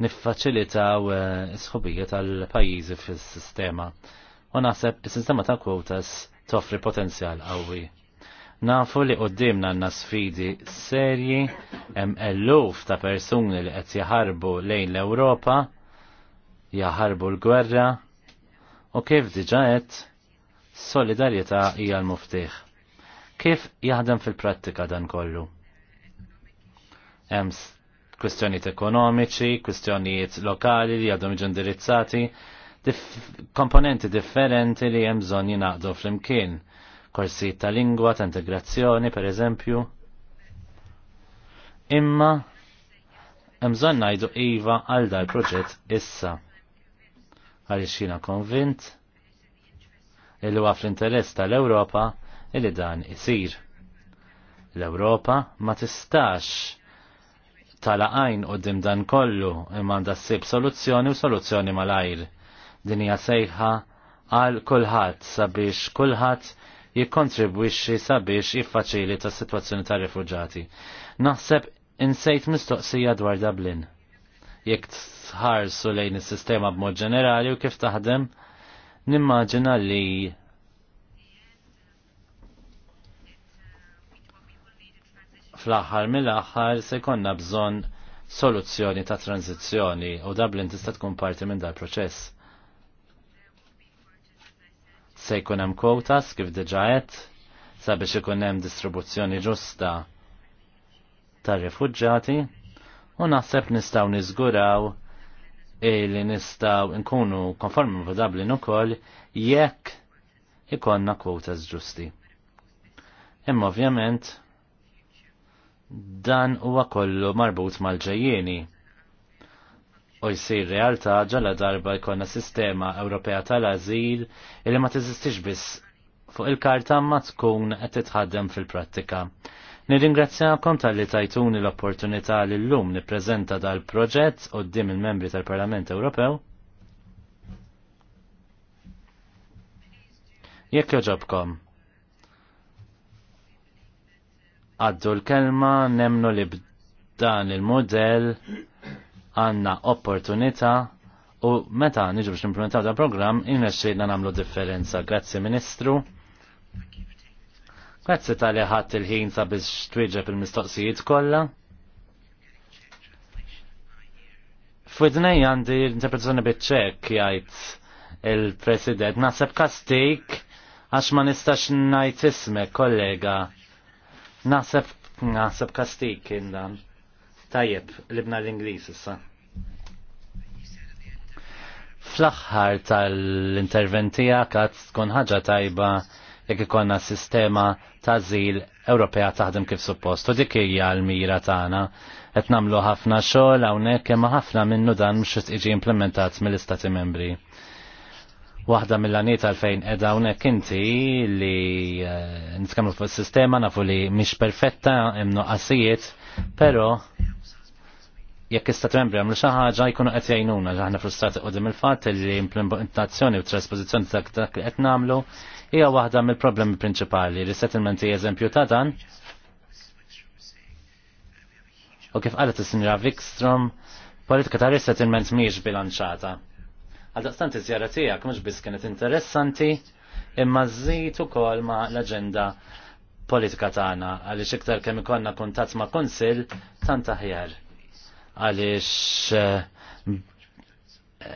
S3: niffaċilitaw eh, sħubija tal-pajjiżi fis-sistema. U naħseb is-sistema ta' kwotas toffri potenzjal qawwi. Nafu li qoddimna għanna sfidi serji hemm eluf ta' persuni li qed jaħarbu lejn l-Ewropa, jaħarbu l-gwerra, u kif diġa qed solidarjetà hija l-muftiħ. Kif jaħdem fil-prattika dan kollu? Hemm kwestjonijiet ekonomiċi, kwestjonijiet lokali li għadhom iġu indirizzati, dif komponenti differenti li hemm bżonn jingħaqdu flimkien. Korsi ta' lingwa, ta' integrazzjoni, per eżempju. Imma hemm bżonn ngħidu iva għal dal proġett issa. Għaliex jiena konvint li huwa fl-interess tal-Ewropa illi dan isir. L-Ewropa ma tistax tal-għajn u dim dan kollu imma da s-sib soluzzjoni u soluzzjoni mal-għajr. Dinja sejħa għal kulħadd sabiex kulħadd jikkontribwixxi sabiex jiffaċili ta' situazzjoni ta' rifugġati. Naħseb insejt mistoqsija dwar Dublin. Jekk tħarsu lejn is-sistema b'mod ġenerali u kif taħdem, nimmaġina li fl-aħħar mill-aħħar se konna bżonn soluzzjoni ta' tranzizzjoni u Dublin tista' tkun parti minn dal proċess. Se jkun hemm kwotas kif diġà qed sabiex ikun hemm distribuzzjoni ġusta tar-rifuġġati u naħseb nistgħu niżguraw li nistgħu nkunu konformi ma' Dublin ukoll jekk ikonna kwotas ġusti. Imma ovvjament dan huwa kollu marbut mal-ġejjieni u jsir realtà ġalla darba jkollna sistema Ewropea tal-Azil illi ma tiżistix biss fuq il-karta ma tkun qed titħaddem fil-prattika. Nirringrazzjakom tal-li tajtuni l-opportunità li l-lum nippreżenta dal-proġett qoddim il-membri tal-Parlament Ewropew. Jekk joġobkom, għaddu l-kelma nemnu li b'dan il-modell għanna opportunità u meta nġu biex implementaw da' program innexxejna namlu differenza. Grazzi Ministru. Grazzi tal-li ħadd il-ħin sa biex twieġeb il-mistoqsijiet kollha. Fwidnej għandi l interpretazzjoni biċ-ċek jgħid il-President naħseb kastik għax ma nistax ngħid ismek kollega Naħseb, naħseb kastik kien dan. Tajjeb, libna l-Inglis issa. Fl-aħħar tal-interventija kat tkun ħaġa tajba jekk ikonna sistema ta' żil Ewropea taħdem kif suppost. U dik hija l-mira tagħna qed nagħmlu ħafna xogħol hawnhekk imma ħafna minnu dan mhux iġi implementat mill-Istati Membri Waħda mill-għaniet għalfejn edha unek inti li uh, eh, nitkamlu fuq sistema nafu li mish perfetta imnu qasijiet, pero jekk istat membri għamlu xi ħaġa jkunu qed jgħinuna li aħna frustrati qudiem il-fatt li implementazzjoni u trasposizzjoni ta' dak li qed nagħmlu hija waħda mill-problemi prinċipali. hija eżempju ta' dan. U kif qalet is-Sinjora Vikstrom, politika ta' resettlement mhijiex bilanċata Għaldaqstant iż-żjara tiegħek mhux biss kienet interessanti, imma zzitu ukoll ma' l-aġenda politika tagħna għaliex iktar kemm ikollna kontat ma' kunsill tant aħjar. Għaliex eh,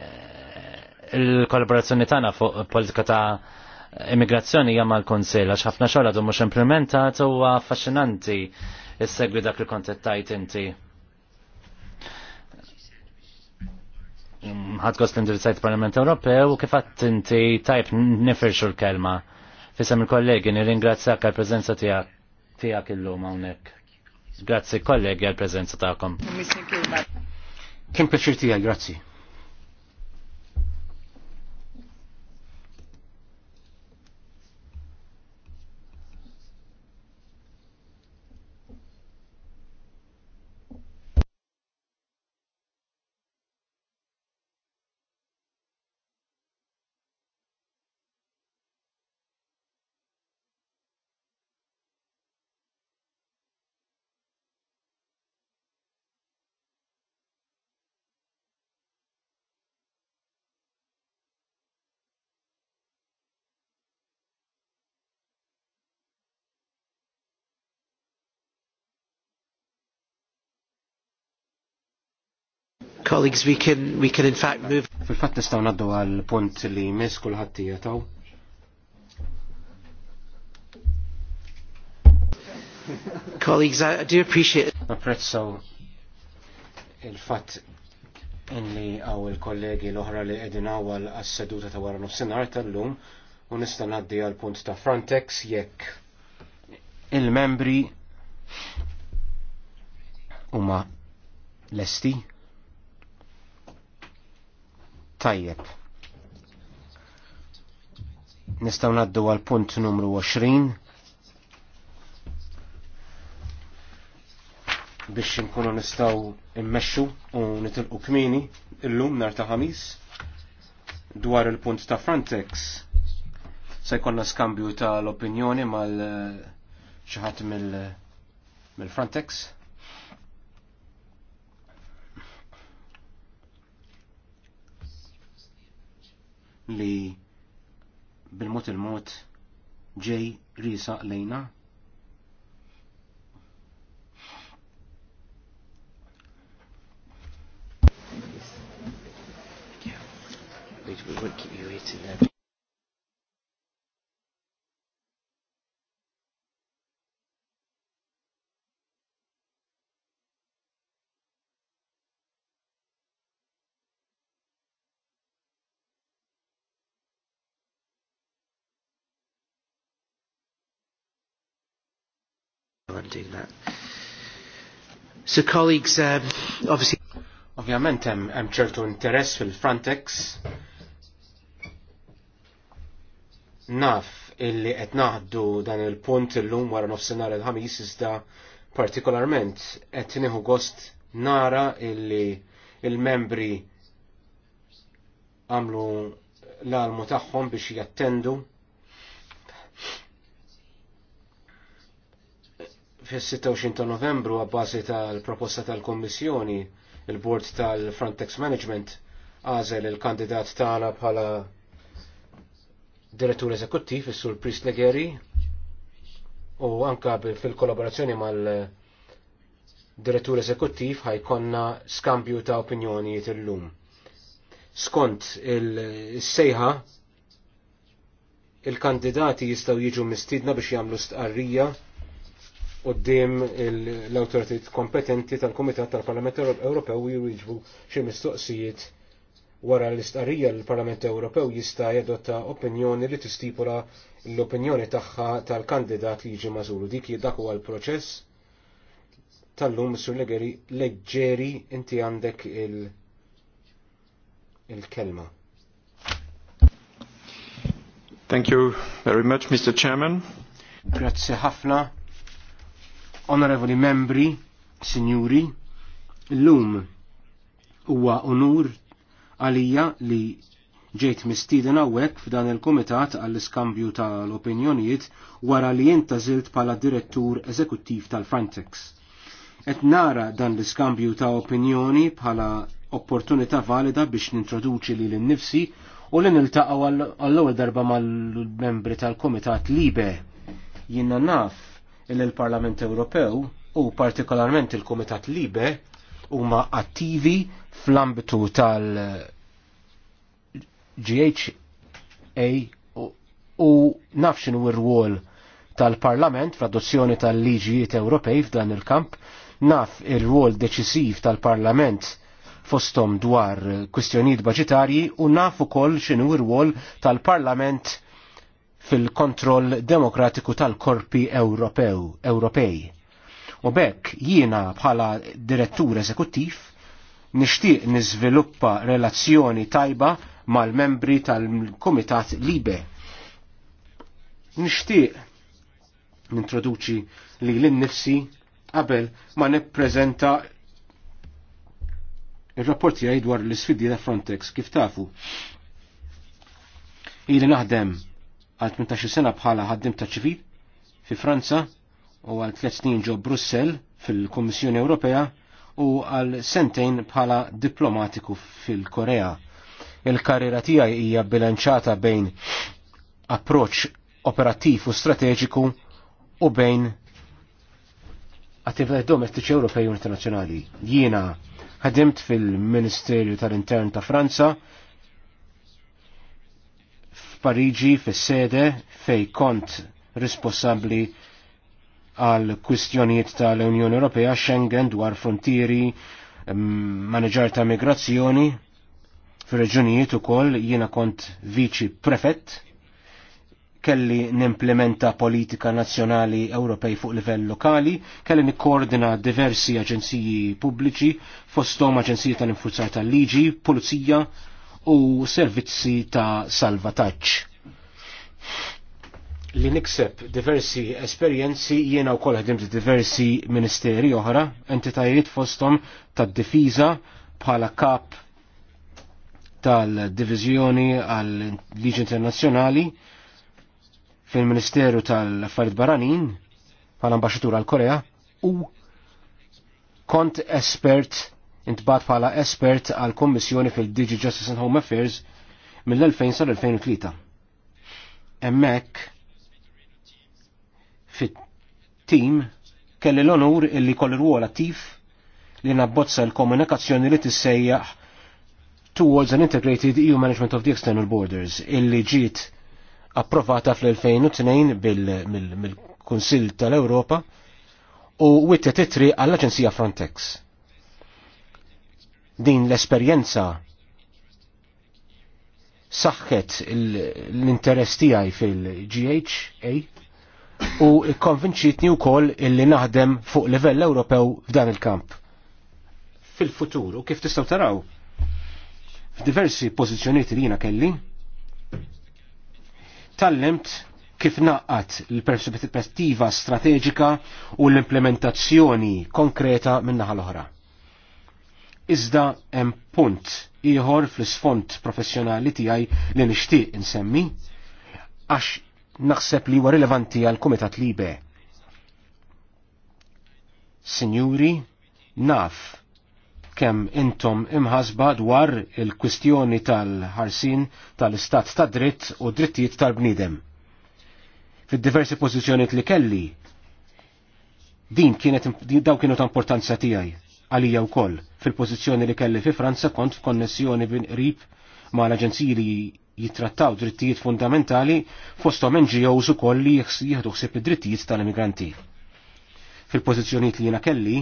S3: il-kollaborazzjoni tagħna fuq politika ta' immigrazzjoni hija mal-Kunsill għax ħafna xogħol għadu mhux implementat huwa affaxxinanti s-segwi dak li kont tajt inti ħad għost l-indirizzajt Parlament Ewropew u kif għat inti tajb nifirxu l-kelma. Fisem il-kollegi nirringrazzjak għal-prezenza tijak tijak il-lum għonek. Grazzi kollegi għal-prezenza ta'kom. Kim pjaċir tijak, grazzi.
S2: Colleagues, we can, we can in fact move. Fil-fat nistaw naddu għal punt li mis kullħat jataw. Colleagues, I do appreciate it. Apprezzo il-fat illi għaw il-kollegi l-oħra li edin għawal għas-seduta ta' wara nofsinar tal-lum u nista' naddi għal punt ta' Frontex jekk il-membri huma lesti Tajjeb. Nistaw naddu għal punt numru 20 biex nkunu nistaw immexxu u nitilqu kmini illum nar ta' ħamis dwar il-punt ta' Frontex se jkollna skambju tal opinjoni mal eh, xi ħadd mill-Frontex. Mil li bil-mot il-mot ġej risa lejna.
S3: Wait, we won't keep you waiting there. on doing that.
S2: So colleagues, um, obviously... Ovvjament hemm ċertu interess fil-Frontex. Naf illi qed naħdu dan il-punt illum wara nofsinhar il-ħamis iżda partikolarment qed nieħu gost nara illi il-membri għamlu l-almu tagħhom biex jattendu fis-26 ta' Novembru għabbażi tal-proposta tal-Kommissjoni il-Bord tal-Frontex Management għażel il-kandidat tagħna bħala direttur eżekuttiv is-Sur Priest Legheri u anka fil-kollaborazzjoni mal-direttur eżekuttiv ħajkonna skambju ta' opinjonijiet illum. Skont il-sejħa il-kandidati jistaw jiġu mistidna biex jagħmlu stqarrija qoddim l-autoritet kompetenti tal-Komitat tal-Parlament Ewropew jirriġbu xi mistoqsijiet wara l-istqarrija l-Parlament Ewropew jista' jadotta opinjoni li tistipula l-opinjoni tagħha tal-kandidat li jiġi mażuru. Dik dak huwa l-proċess tal-lum Sur Leggeri leġġeri inti għandek il-kelma. Thank you very much, Mr. Chairman. Grazie ħafna, onorevoli membri, sinjuri, l-lum huwa onur għalija li ġejt mistiden għawek f'dan il-Kumitat għall-iskambju tal-opinjonijiet wara li zilt bħala direttur eżekuttiv tal-Frontex. Et nara dan l-iskambju ta' opinjoni bħala opportunità valida biex nintroduċi li l-nifsi u li niltaqgħu għall-ewwel darba mal-membri tal-Kumitat Libe. Jinna naf il-Parlament Ewropew u partikolarment il-Kumitat Libe huma attivi fl-ambitu tal- GHA u nafxin u r-rwol tal-Parlament fl-adozzjoni tal-liġijiet Ewropej f'dan il-kamp, naf ir-rwol deċisiv tal-Parlament fostom dwar kwistjonijiet baġitarji u naf ukoll x'inhu r-rwol tal-Parlament fil-kontroll demokratiku tal-korpi Ewropew, Ewropej. U bekk jiena bħala direttur eżekuttiv nixtieq niżviluppa relazzjoni tajba mal-membri tal-Kumitat Libe. Nixtieq nintroduċi li l-nifsi qabel ma nippreżenta il-rapport jgħid dwar l-isfidi ta' Frontex kif tafu. Ili naħdem għal 18 sena bħala ħaddim ta' ċivil fi Franza u għal 3 snin ġo Brussel fil-Kommissjoni Ewropea u għal sentejn bħala diplomatiku fil-Korea. Il-karriera tiegħi hija bilanċata bejn approċ operattiv u strateġiku u bejn attivitajiet domestiċi Ewropej u internazzjonali. Jiena ħadimt fil-Ministerju tal-Intern ta' Franza f'Pariġi fis-sede fej kont responsabbli għal kwistjonijiet tal-Unjoni Ewropea Schengen dwar frontieri manager ta' migrazzjoni fir-reġunijiet ukoll jiena kont viċi prefett kelli nimplementa politika nazzjonali Ewropej fuq livell lokali, kelli nikkoordina diversi aġenziji pubbliċi, fostom aġenziji tal-infurzar tal-liġi, pulizija, u servizzi ta' salvataġġ. Li nikseb diversi esperjenzi jiena wkoll ħdimt diversi ministeri oħra, entitajiet fosthom tad-difiża bħala kap tal-Divizjoni għal liġi Internazzjonali fil-Ministeru tal-Affarijiet Baranin bħala ambasġatur għal Korea u kont espert intbat bħala espert għal kommissjoni fil-Digi Justice and Home Affairs mill-2000 sal-2003. Emmek, fit-tim, kelli l-onur illi kolli ruol attiv li nabbozza l-komunikazzjoni li tissejjaħ Towards an Integrated EU Management of the External Borders, illi ġiet approvata fl-2002 mill-Kunsill tal-Europa u wittet titri għall-Aġenzija Frontex din l-esperjenza saħħet l-interess tiegħi fil-GHA u konvinċitni wkoll illi naħdem fuq livell Ewropew f'dan il-kamp. Fil-futur u kif tistgħu taraw f'diversi pożizzjonijiet li jiena kelli tallimt kif naqqat l-perspettiva strateġika u l-implementazzjoni konkreta minn naħa l-oħra. Iżda hemm punt ieħor fl-isfond professjonali tiegħi li nixtieq insemmi għax naħseb li huwa rilevanti għal Kumitat Libe. Sinjuri, naf kemm intom imħasba dwar il-kwistjoni tal-ħarsin tal-istat ta' dritt u drittijiet tal-bnidem. Fid-diversi pożizzjonijiet li kelli, din kienet daw kienu ta' importanza tiegħi għalija wkoll. Fil-pożizzjoni li kelli fi Franza kont f'konnessjoni bin qrib ma' l-aġenziji li jittrattaw drittijiet fundamentali fosthom NGOs ukoll li jieħdu ħsieb id-drittijiet tal-immigranti. Fil-pożizzjonijiet li jiena kelli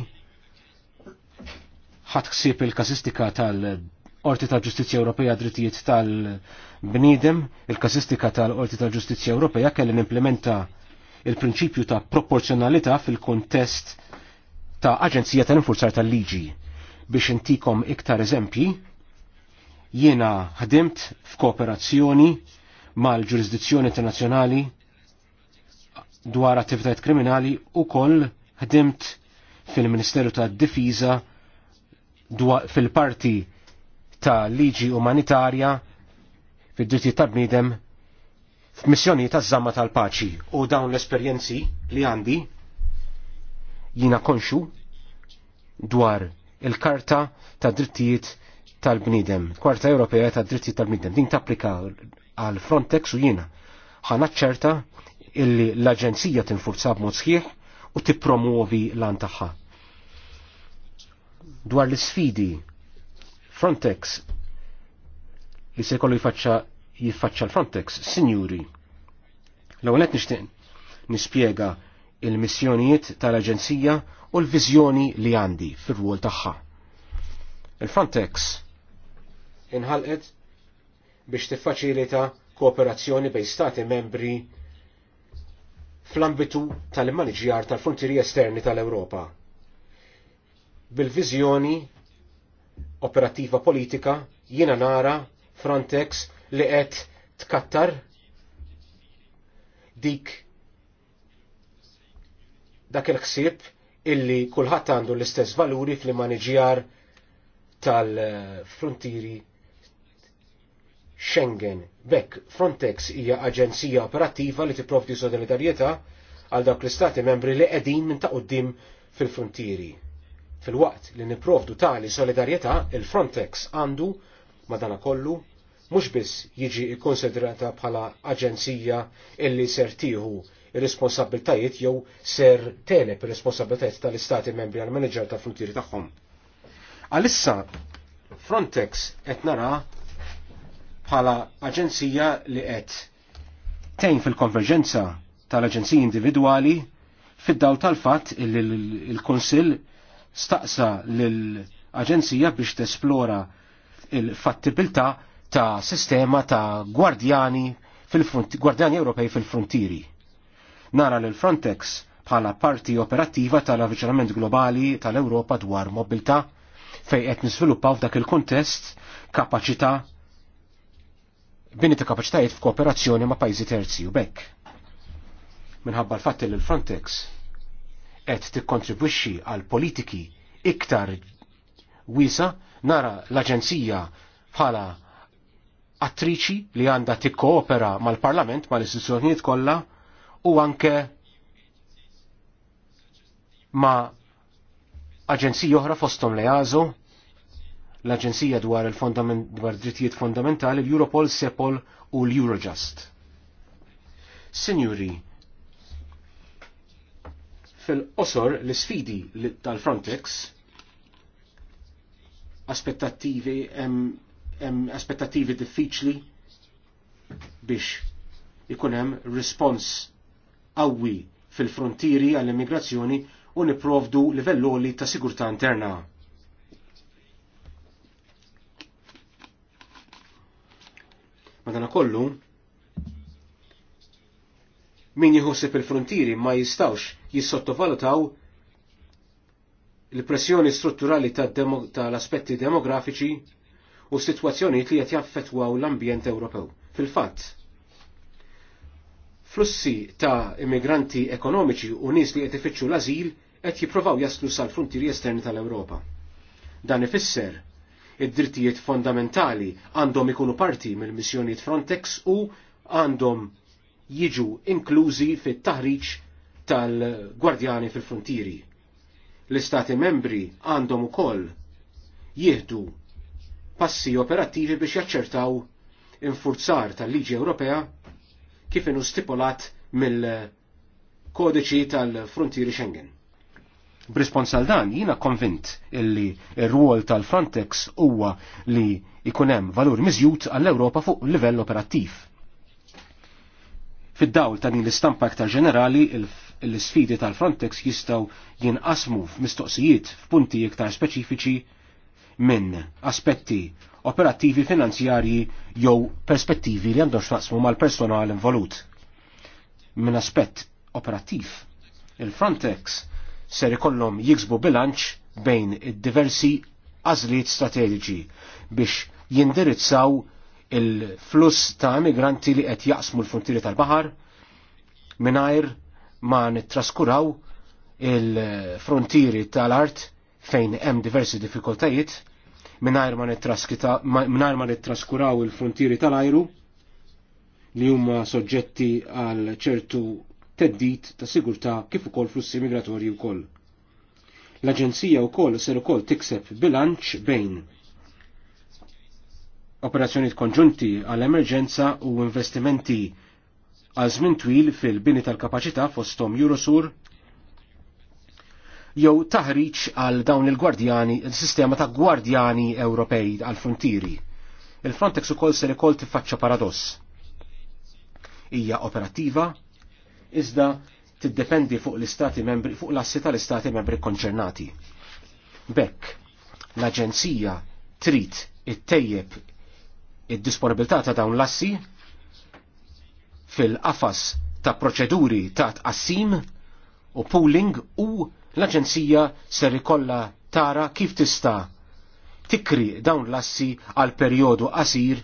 S2: ħadd ħsieb il-kasistika tal-Qorti tal-Ġustizzja Ewropea drittijiet tal-bniedem, il-kasistika tal-Qorti tal-Ġustizzja Ewropea kelli n-implementa il-prinċipju ta' proporzjonalità fil-kontest ta' Aġenzija tal-Infurzar tal-Liġi. Biex intikom iktar eżempji, jiena ħdimt f'kooperazzjoni mal-ġurisdizzjoni internazzjonali dwar attivitajiet kriminali u koll ħdimt fil-Ministeru tad difiża fil-parti ta' liġi umanitarja fid-dritti ta' bniedem f'missjoni ta' zamma tal-paċi u dawn l-esperjenzi li għandi Jina konxu dwar il-karta ta' drittijiet tal-bnidem, kwarta Ewropea ta' drittijiet tal-bnidem, din tapplika għal Frontex u jiena. Ħana ċerta illi l-Aġenzija tinfurza b'mod sħiħ u tippromuovi lan tagħha. Dwar l-sfidi Frontex li se jkollu jiffaċċa l-Frontex, sinjuri. L-ewwel qed nixtieq nispjega il-missjonijiet tal-Aġenzija u l-viżjoni li għandi fir-rwol tagħha. Il-Frontex inħalqet biex tiffaċilita kooperazzjoni bejn stati membri fl-ambitu tal-maniġjar tal-frontieri esterni tal-Ewropa. Bil-viżjoni operattiva politika jiena nara Frontex li qed tkattar dik dak il-ħsieb illi kulħadd għandu l-istess valuri fl-maniġjar tal-frontieri Schengen. Bekk, Frontex hija aġenzija operattiva li tipprovdi solidarjetà għal dawk l-istati membri li qegħdin minn ta' qudiem fil-frontieri. Fil-waqt li nipprovdu tali solidarjetà, il-Frontex għandu madanakollu mhux biss jiġi kkonsidrata bħala aġenzija illi sertiħu ir-responsabiltajiet jew ser tele ir-responsabiltajiet tal-istati membri għal manager tal-frontieri tagħhom. Alissa Frontex qed nara bħala aġenzija li qed tejn fil-konverġenza tal-aġenziji individwali fid-daw tal-fatt il-Konsil staqsa l-Aġenzija biex tesplora il-fattibilità ta' sistema ta' gwardjani fil-gwardjani Ewropej fil-frontieri nara l Frontex bħala parti operattiva tal-avviċinament globali tal-Ewropa dwar mobilità fej qed nisviluppaw f'dak il-kuntest kapaċità bini ta' kapaċitajiet f'kooperazzjoni ma' pajzi terzi u bekk. Minħabba l-fatt li l-Frontex qed tikkontribwixxi għal politiki iktar wisa nara l-Aġenzija bħala attriċi li għandha tikkoopera mal-Parlament, mal-istituzzjonijiet kollha u anke ma' aġenziji oħra fostom li għazu, l-Aġenzija dwar il-dwar drittijiet fondamentali, l-Europol, Sepol u l-Eurojust. Sinjuri, fil-qosor l-sfidi tal-Frontex aspettativi hemm aspettativi diffiċli biex ikun hemm respons qawwi fil-frontieri għall-immigrazzjoni u niprovdu livelloli ta' sigurtà interna. Madanakollu, min jħossib il-frontieri ma jistawx jissottovalutaw il-pressjoni strutturali tal-aspetti demografiċi u situazzjoni li qed jaffettwaw l-ambjent Ewropew. Fil-fatt, Flussi ta' immigranti ekonomiċi u nies li qed ifittxu l-azil qed jippruvaw jaslu sal-frontieri esterni tal-Ewropa. Dan ifisser id-drittijiet fondamentali għandhom ikunu parti mill-missjonijiet Frontex u għandhom jiġu inklużi fit-taħriġ tal-gwardjani fil-frontieri. L-istati membri għandhom ukoll jieħdu passi operattivi biex jaċċertaw infurzar tal-liġi Ewropea kif inu stipulat mill-kodiċi tal-frontieri Schengen. B'rispons għal dan jiena konvint illi r-ruol tal-Frontex huwa li ikunem hemm valur miżjud għall-Ewropa fuq livell operattiv. Fid-dawl ta' din l-istampa aktar ġenerali, l-sfidi tal-Frontex jistaw jinqasmu f'mistoqsijiet f'punti iktar speċifiċi minn aspetti operattivi finanzjarji jew perspettivi li għandhom x'naqsmu mal-personal involut. Minn aspett operattiv, il-Frontex ser ikollhom jiksbu bilanċ bejn id-diversi għażliet strateġiċi biex jindirizzaw il-fluss ta' migranti li qed jaqsmu l-frontieri tal-baħar mingħajr ma nittraskuraw il-frontieri tal-art fejn hemm diversi diffikultajiet mingħajr ma nittraskuraw il-frontieri tal-ajru li huma soġġetti għal ċertu teddit ta' sigurtà kif ukoll flussi migratorji wkoll. L-Aġenzija wkoll ser ukoll tikseb bilanċ bejn operazzjonijiet konġunti għal emerġenza u investimenti għal żmien twil fil-bini tal-kapaċità fosthom Eurosur jew taħriġ għal dawn il-gwardjani, il-sistema ta' gwardjani Ewropej għal frontieri. Il-Frontex ukoll se kol tiffaċċa paradoss. Hija operattiva, iżda tiddependi fuq l-istati membri fuq l-assi tal-istati membri konċernati. Bekk, l-Aġenzija trid it-tejjeb id-disponibilità ta' dawn l-assi fil-qafas ta' proċeduri ta' tqassim u pooling u L-Aġenzija ser ikolla tara kif tista' tikri dawn l-assi għal perjodu qasir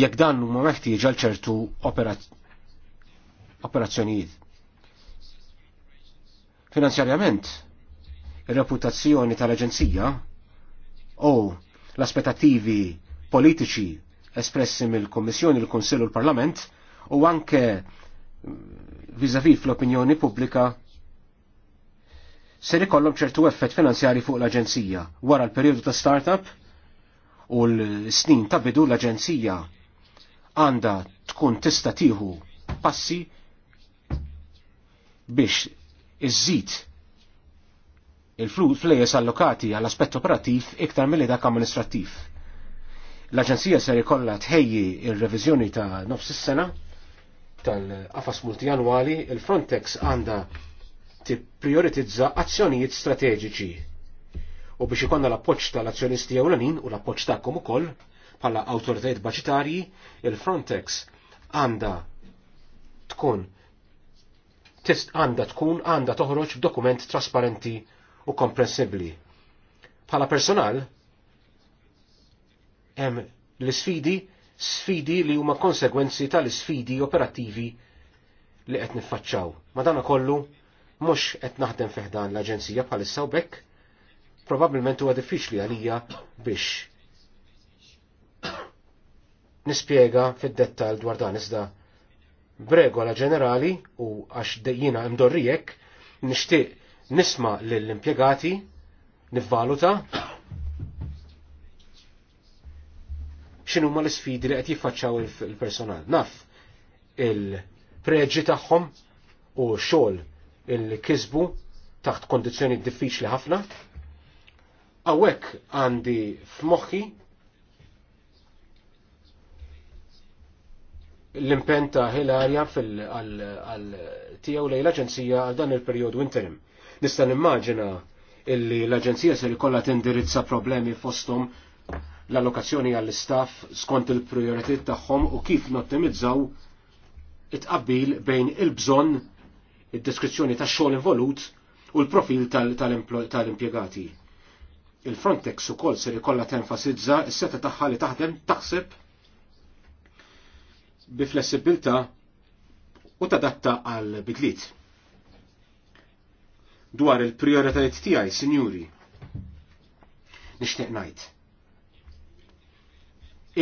S2: jekk dan huma meħtieġ għal ċertu operazzjonijiet. Finanzjarjament, reputazzjoni tal-Aġenzija u l-aspettativi politiċi espressi mill-Kommissjoni, l kunsill u l-Parlament u anke visa-vis fl-opinjoni pubblika Se ikollhom ċertu effett finanzjari fuq l-Aġenzija wara l-perjodu ta' startup u l-snin ta' bidu l-Aġenzija għandha tkun tista' tieħu passi biex iżżid il-flus flejes allokati għall aspett operattiv iktar mill dak amministrattiv. L-Aġenzija ser jkollha tħejji ir-reviżjoni ta' nofs is-sena tal-qafas multijanwali, il-Frontex għandha tipprioritizza azzjonijiet strateġiċi. U biex ikonna l-appoġġ tal-azzjonisti ewlenin u l-appoġġ tagħkom ukoll bħala awtoritajiet baċitarji, il-Frontex għandha tkun test għandha tkun għanda toħroġ b'dokument trasparenti u komprensibbli. Bħala personal hemm l-sfidi sfidi li huma konsegwenzi tal-sfidi operattivi li qed niffaċċaw. Madana kollu mhux qed naħdem feħdan l-Aġenzija bħalissa u bekk probabbilment huwa diffiċli għalija biex nispjega fid-dettal dwar dan iżda b'regola ġenerali u għax dejjina imdorrijek nixtieq nisma lill-impjegati nivvaluta xinu ma l-sfidi li qed jiffaċċaw il-personal. Naf il-preġi tagħhom u xogħol il kisbu taħt kondizjoni diffiċli ħafna. Awek għandi f'moħħi l-impenta Hilarja fil-tijaw lej l-Aġenzija għal dan il-periodu interim. Nista' nimmaġina illi l-Aġenzija se jkollha tindirizza problemi fostom l-allokazzjoni għall-istaff skont il-prioritit tagħhom u kif nottimizzaw it-qabbil bejn il-bżonn id-deskrizzjoni ta' xogħol involut u l-profil tal-impjegati. Il-Frontex ukoll se jkollha tenfasizza s-seta tagħha li taħdem taħseb bi flessibilta u tadatta għal bidliet. Dwar il-prioritajiet tiegħi, sinjuri, nixtieq ngħid.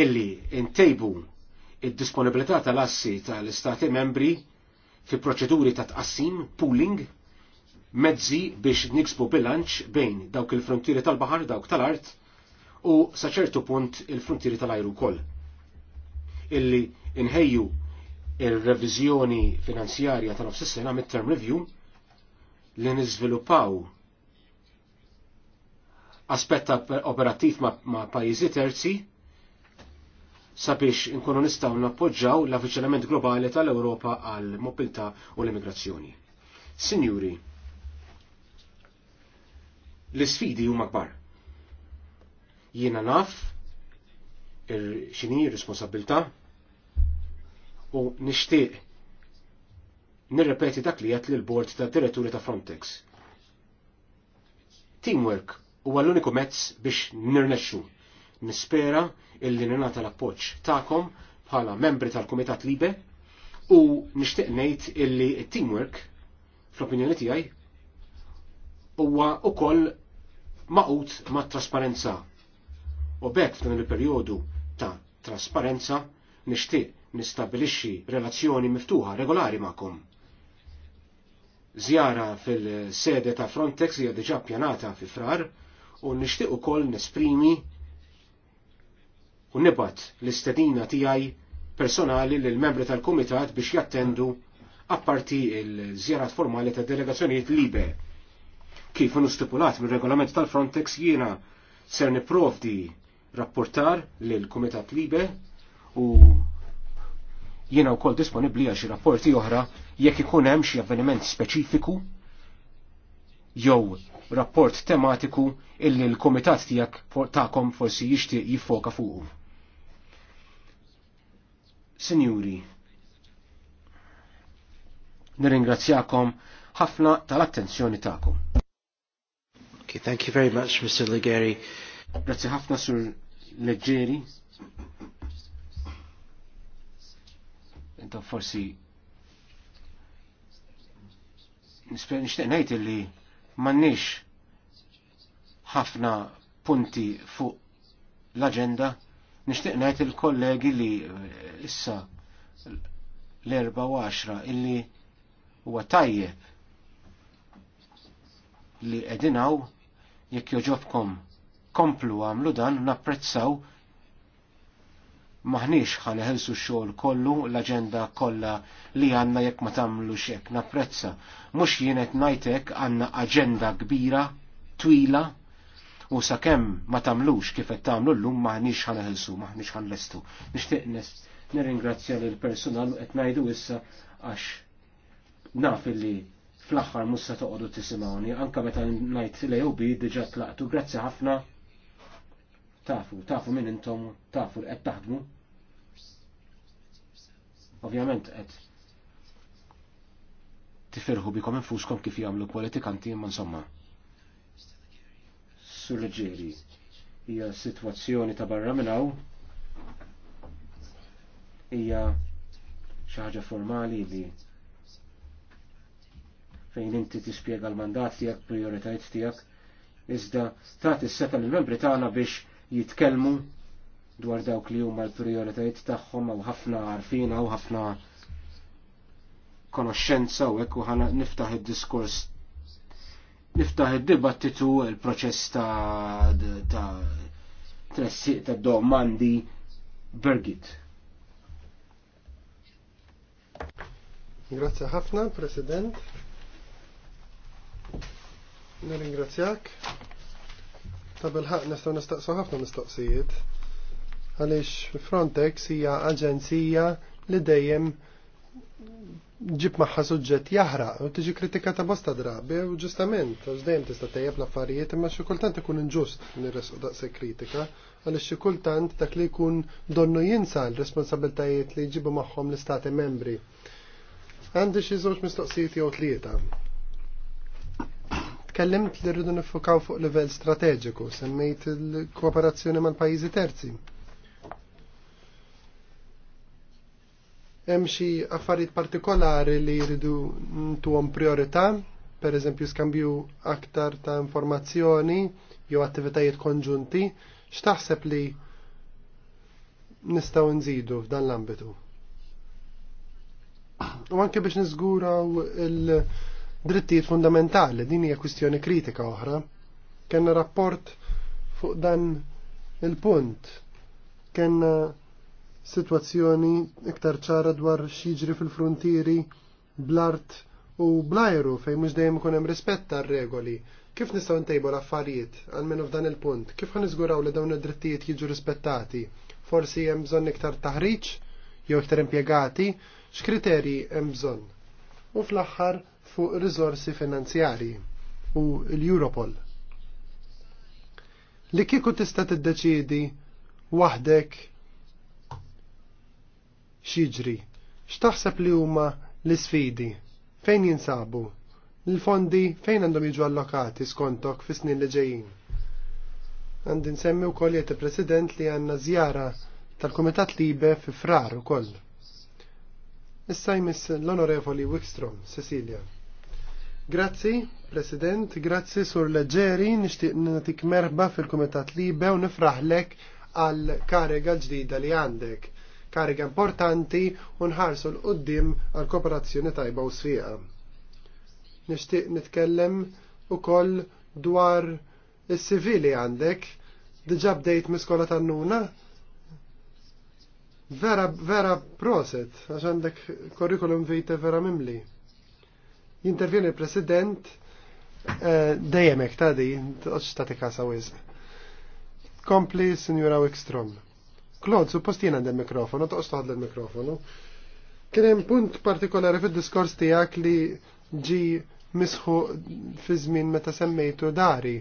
S2: Illi ntejbu id-disponibilità tal-assi tal-istati membri fi proċeduri ta' tqassim, pooling, mezzi biex niksbu bilanċ bejn dawk il-frontieri tal-bahar, dawk tal-art, u saċertu punt il-frontieri tal-ajru kol. Illi inħejju il-revizjoni finanzjarja tal-nofs sena mid-term review li nizvilupaw aspetta operattiv ma, ma pajizi terzi sabiex inkunu nistgħu nappoġġaw l-avviċinament globali tal-Ewropa għal mobilità u l-immigrazzjoni. Sinjuri, l-sfidi huma kbar. Jiena naf x'inhi r responsabilta u nixtieq nirrepeti dak li jgħat l bord ta' diretturi ta' Frontex. Teamwork huwa l-uniku mezz biex nirnexxu nispera illi ninata l-appoġġ tagħkom bħala membri tal-Kumitat Libe u nixtieq ngħid illi teamwork fl-opinjoni tiegħi huwa ukoll maqut ma' trasparenza. U bekk f'dan il-perjodu ta' trasparenza nixtieq nistabilixxi relazzjoni miftuħa regolari ma'kom. Zjara fil-sede ta' Frontex hija diġà ppjanata fi frar u nixtieq ukoll nesprimi u nibat l-istedina tiegħi personali l membri tal-Kumitat biex jattendu apparti l żjarat formali ta' delegazzjonijiet libe. Kif unu stipulat mir-regolament tal-Frontex jiena ser niprovdi rapportar l Kumitat Libe u jiena wkoll disponibbli għal xi rapporti oħra jekk ikun hemm xi avveniment speċifiku jew rapport tematiku illi l-komitat tijak ta'kom forsi jixtieq jiffoka fuqu. Sinjuri, nirringrazzjakom ħafna tal-attenzjoni tagħkom. Okay, thank you very much, Mr. Legeri. Grazzi ħafna, Sur Leggeri. Inta forsi nixtieq ngħid li m'għandniex ħafna punti fuq l-aġenda Nixtieq ngħid il-kollegi li eh, issa l-erba' għaxra illi huwa tajjeb li edinaw jekk joġobkom komplu għamlu dan napprezzaw maħniex ħaneħelsu xogħol kollu l-aġenda kollha li għandna jekk ma tagħmlu xek napprezza. Mhux jien qed ngħidlek għandna aġenda kbira twila u sakemm ma tamlux kif qed tagħmlu llum maħniex ħanaħelsu, maħniex ħanlestu. Nixtieq nirringrazzja lil personal qed ngħidu issa għax naf li fl-aħħar mhux se toqgħodu tisimgħuni anke meta ngħid lejw bi diġà tlaqtu. Grazzi ħafna. Tafu, tafu min intom, tafu qed taħdmu. Ovvjament qed tifirħu bikom infuskom kif jagħmlu politikanti imma insomma nħossu leġeri. Ija situazzjoni ta' barra minnaw, hija xaħġa formali li fejn inti tispjega l-mandat tiegħek, prioritajt tiegħek, iżda ta' s-seta lill-membri tagħna biex jitkellmu dwar dawk li huma l-prioritajiet tagħhom u ħafna għarfina u ħafna konoxxenza u hekk u ħana niftaħ id-diskors niftaħ id-dibattitu il-proċess ta' ta' ta' domandi
S1: Birgit. Grazie ħafna, President. Nirringrazzjak. Ta' bil ħak nistaw nistaqsu ħafna mistoqsijiet. Għaliex Frontex hija aġenzija li dejjem ġib maħħa suġġett jaħra u tiġi kritika ta' bosta drabi u ġustament, għax dejjem tista' tejjeb l-affarijiet imma xi kultant ikun inġust nirresu daqshekk kritika għaliex xi kultant dak li jkun donnu jinsa l-responsabiltajiet li ġibu maħħom l-istati membri. Għandi xi żewġ mistoqsijiet jew tlieta. Tkellimt li rridu nifukaw fuq livell strateġiku, semmejt il-kooperazzjoni mal-pajjiżi terzi. hemm xi affarijiet partikolari li jridu ntuhom priorità, per eżempju skambju aktar ta' informazzjoni jew attivitajiet konġunti, x'taħseb li nistgħu nżidu f'dan l-ambitu? U anke biex niżguraw il-drittijiet fundamentali, din hija kwistjoni kritika oħra. Kenna rapport fuq dan il-punt. Kenna situazzjoni iktar ċara dwar xieġri fil-frontieri blart u blajru fej mux dejjem kun hemm rispett regoli Kif nistgħu ntejbu l-affarijiet għalmenu f'dan il-punt? Kif ħan niżguraw li dawn id-drittijiet jiġu rispettati? Forsi hemm bżonn iktar taħriġ jew iktar impjegati, x'kriterji hemm bżonn? U fl-aħħar fuq rizorsi finanzjarji u l-Europol. Li kiku tista' tiddeċiedi wahdek x'jiġri, x'taħseb li huma l-isfidi, fejn jinsabu, l-fondi fejn għandhom jiġu allokati skontok fis snin li ġejjin. Għandi nsemmi wkoll jgħid il-President li għandna żjara tal-Kumitat Libe fi frar ukoll. Issa jmiss l-Onorevoli Wikstrom, Cecilia. Grazzi, President, grazzi sur leġeri, nixtieq natik merba fil-Kumitat Libe u nifraħlek għal karega ġdida li għandek kariga importanti u nħarsu l-qoddim għal kooperazzjoni tajba u sfiqa. Nishtiq nitkellem u koll dwar is-sivili għandek, diġa bdejt miskola tannuna, vera, vera proset, għax għandek kurrikulum vita vera mimli. Jintervjeni il-president, eh, dejjem ta' di, t-oċ ta' t-kasa Kompli, Signora Wikstrom. Klod, suppost jien għandem mikrofonu, ta' toħad l-mikrofonu. Kien hemm punt partikolari fid-diskors tiegħek li ġi misħu fi żmien meta semmejtu dari.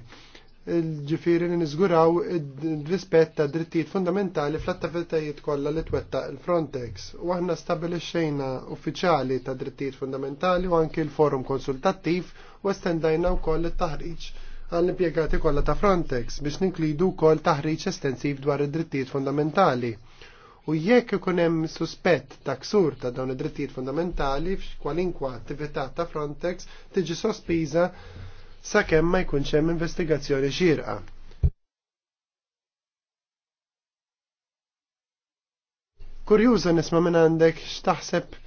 S1: Ġifiri li niżguraw id-rispett ta' drittijiet fundamentali fl-attivitajiet kollha li twettaq il-Frontex. U aħna stabilixxejna uffiċjali ta' drittijiet fundamentali u anke l-forum konsultattiv u estendajna wkoll it-taħriġ għall-impjegati kollha ta' Frontex biex ninklidu wkoll taħriġ estensiv dwar id-drittijiet fundamentali. U jekk ikun hemm suspett ta' ksur ta' dawn id-drittijiet fundamentali f'kwalinkwa attività ta' Frontex tiġi sospiża sakemm ma jkunx hemm investigazzjoni xierqa. Kurjuża nisma' minn għandek x'taħseb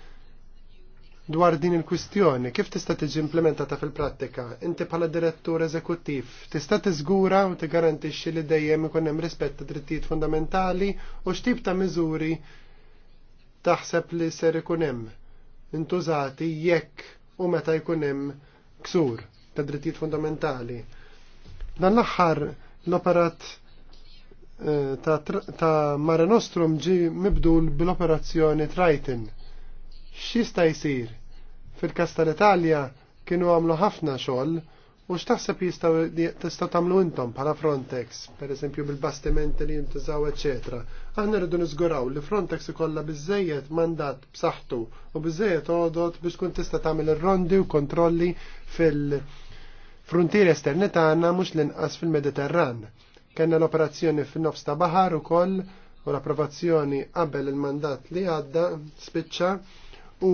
S1: dwar din il-kwistjoni, kif tista' tiġi implementata fil-prattika? Inti bħala direttur eżekuttiv, tista' tiżgura u tigarantixxi li dejjem ikun hemm rispett ta' drittijiet fundamentali u x'tip ta' miżuri taħseb li ser ikun hemm intużati jekk u meta jkun hemm ksur ta' drittijiet fundamentali. Dan l-aħħar l-operat eh, ta', ta Mare Nostrum ġi mibdul bil-operazzjoni Triton x'jista' jsir? fil kas tal-Italja kienu għamlu ħafna xogħol u x'taħseb jistgħu tistgħu tagħmlu intom bħala Frontex, pereżempju bil-bastimenti li jintużaw eċetera. Aħna rridu niżguraw li Frontex ikollha biżejjed mandat b'saħħtu u biżejjed għodot biex tkun tista' tagħmel ir-rondi u kontrolli fil-frontieri esterni tagħna mhux l-inqas fil-Mediterran. Kenna l-operazzjoni fin-nofs ta' baħar ukoll u l-approvazzjoni qabel il-mandat li għadda spiċċa u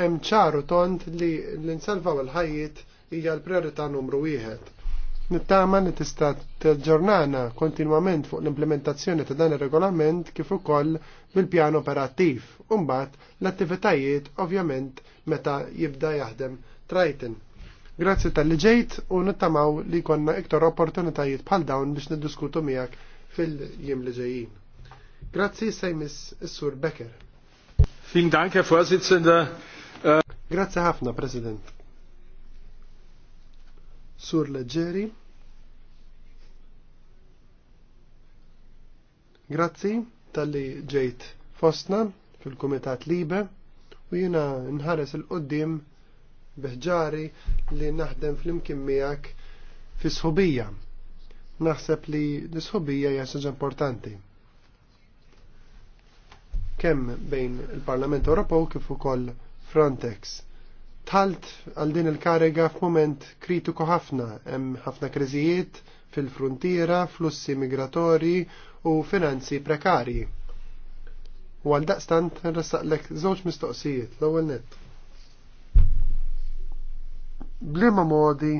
S1: hemm ċaru tont li l-insalvaw il ħajjit hija l-priorità numru wieħed. Nittama li tista' ġurnana kontinwament fuq l-implementazzjoni ta' dan ir-regolament kif ukoll bil-pjan operattiv. Umbagħad l-attivitajiet ovvjament meta jibda jaħdem trajten. Grazzi tal-li ġejt u nittamaw li konna iktar opportunitajiet bħal dawn biex niddiskutu miegħek fil-jiem li ġejjin. Grazzi sejmis is-Sur Becker. Vielen Dank, Herr Vorsitzender. Äh, Grazie ħafna, President. Sur Leggeri. Grazzi tal-li ġejt fostna fil-Kumitat Libe u jina nħares il-qoddim beħġari li naħdem fl-imkien miegħek fi sħubija. Naħseb li l-sħubija hija importanti kemm bejn il-Parlament Ewropew kif ukoll Frontex. Talt għal din il-karega f'mument kritiku ħafna, hemm ħafna kriżijiet fil-frontiera, flussi migratorji u finanzi prekarji. U għal daqstant nressaqlek żewġ mistoqsijiet l-ewwel nett. Bliema modi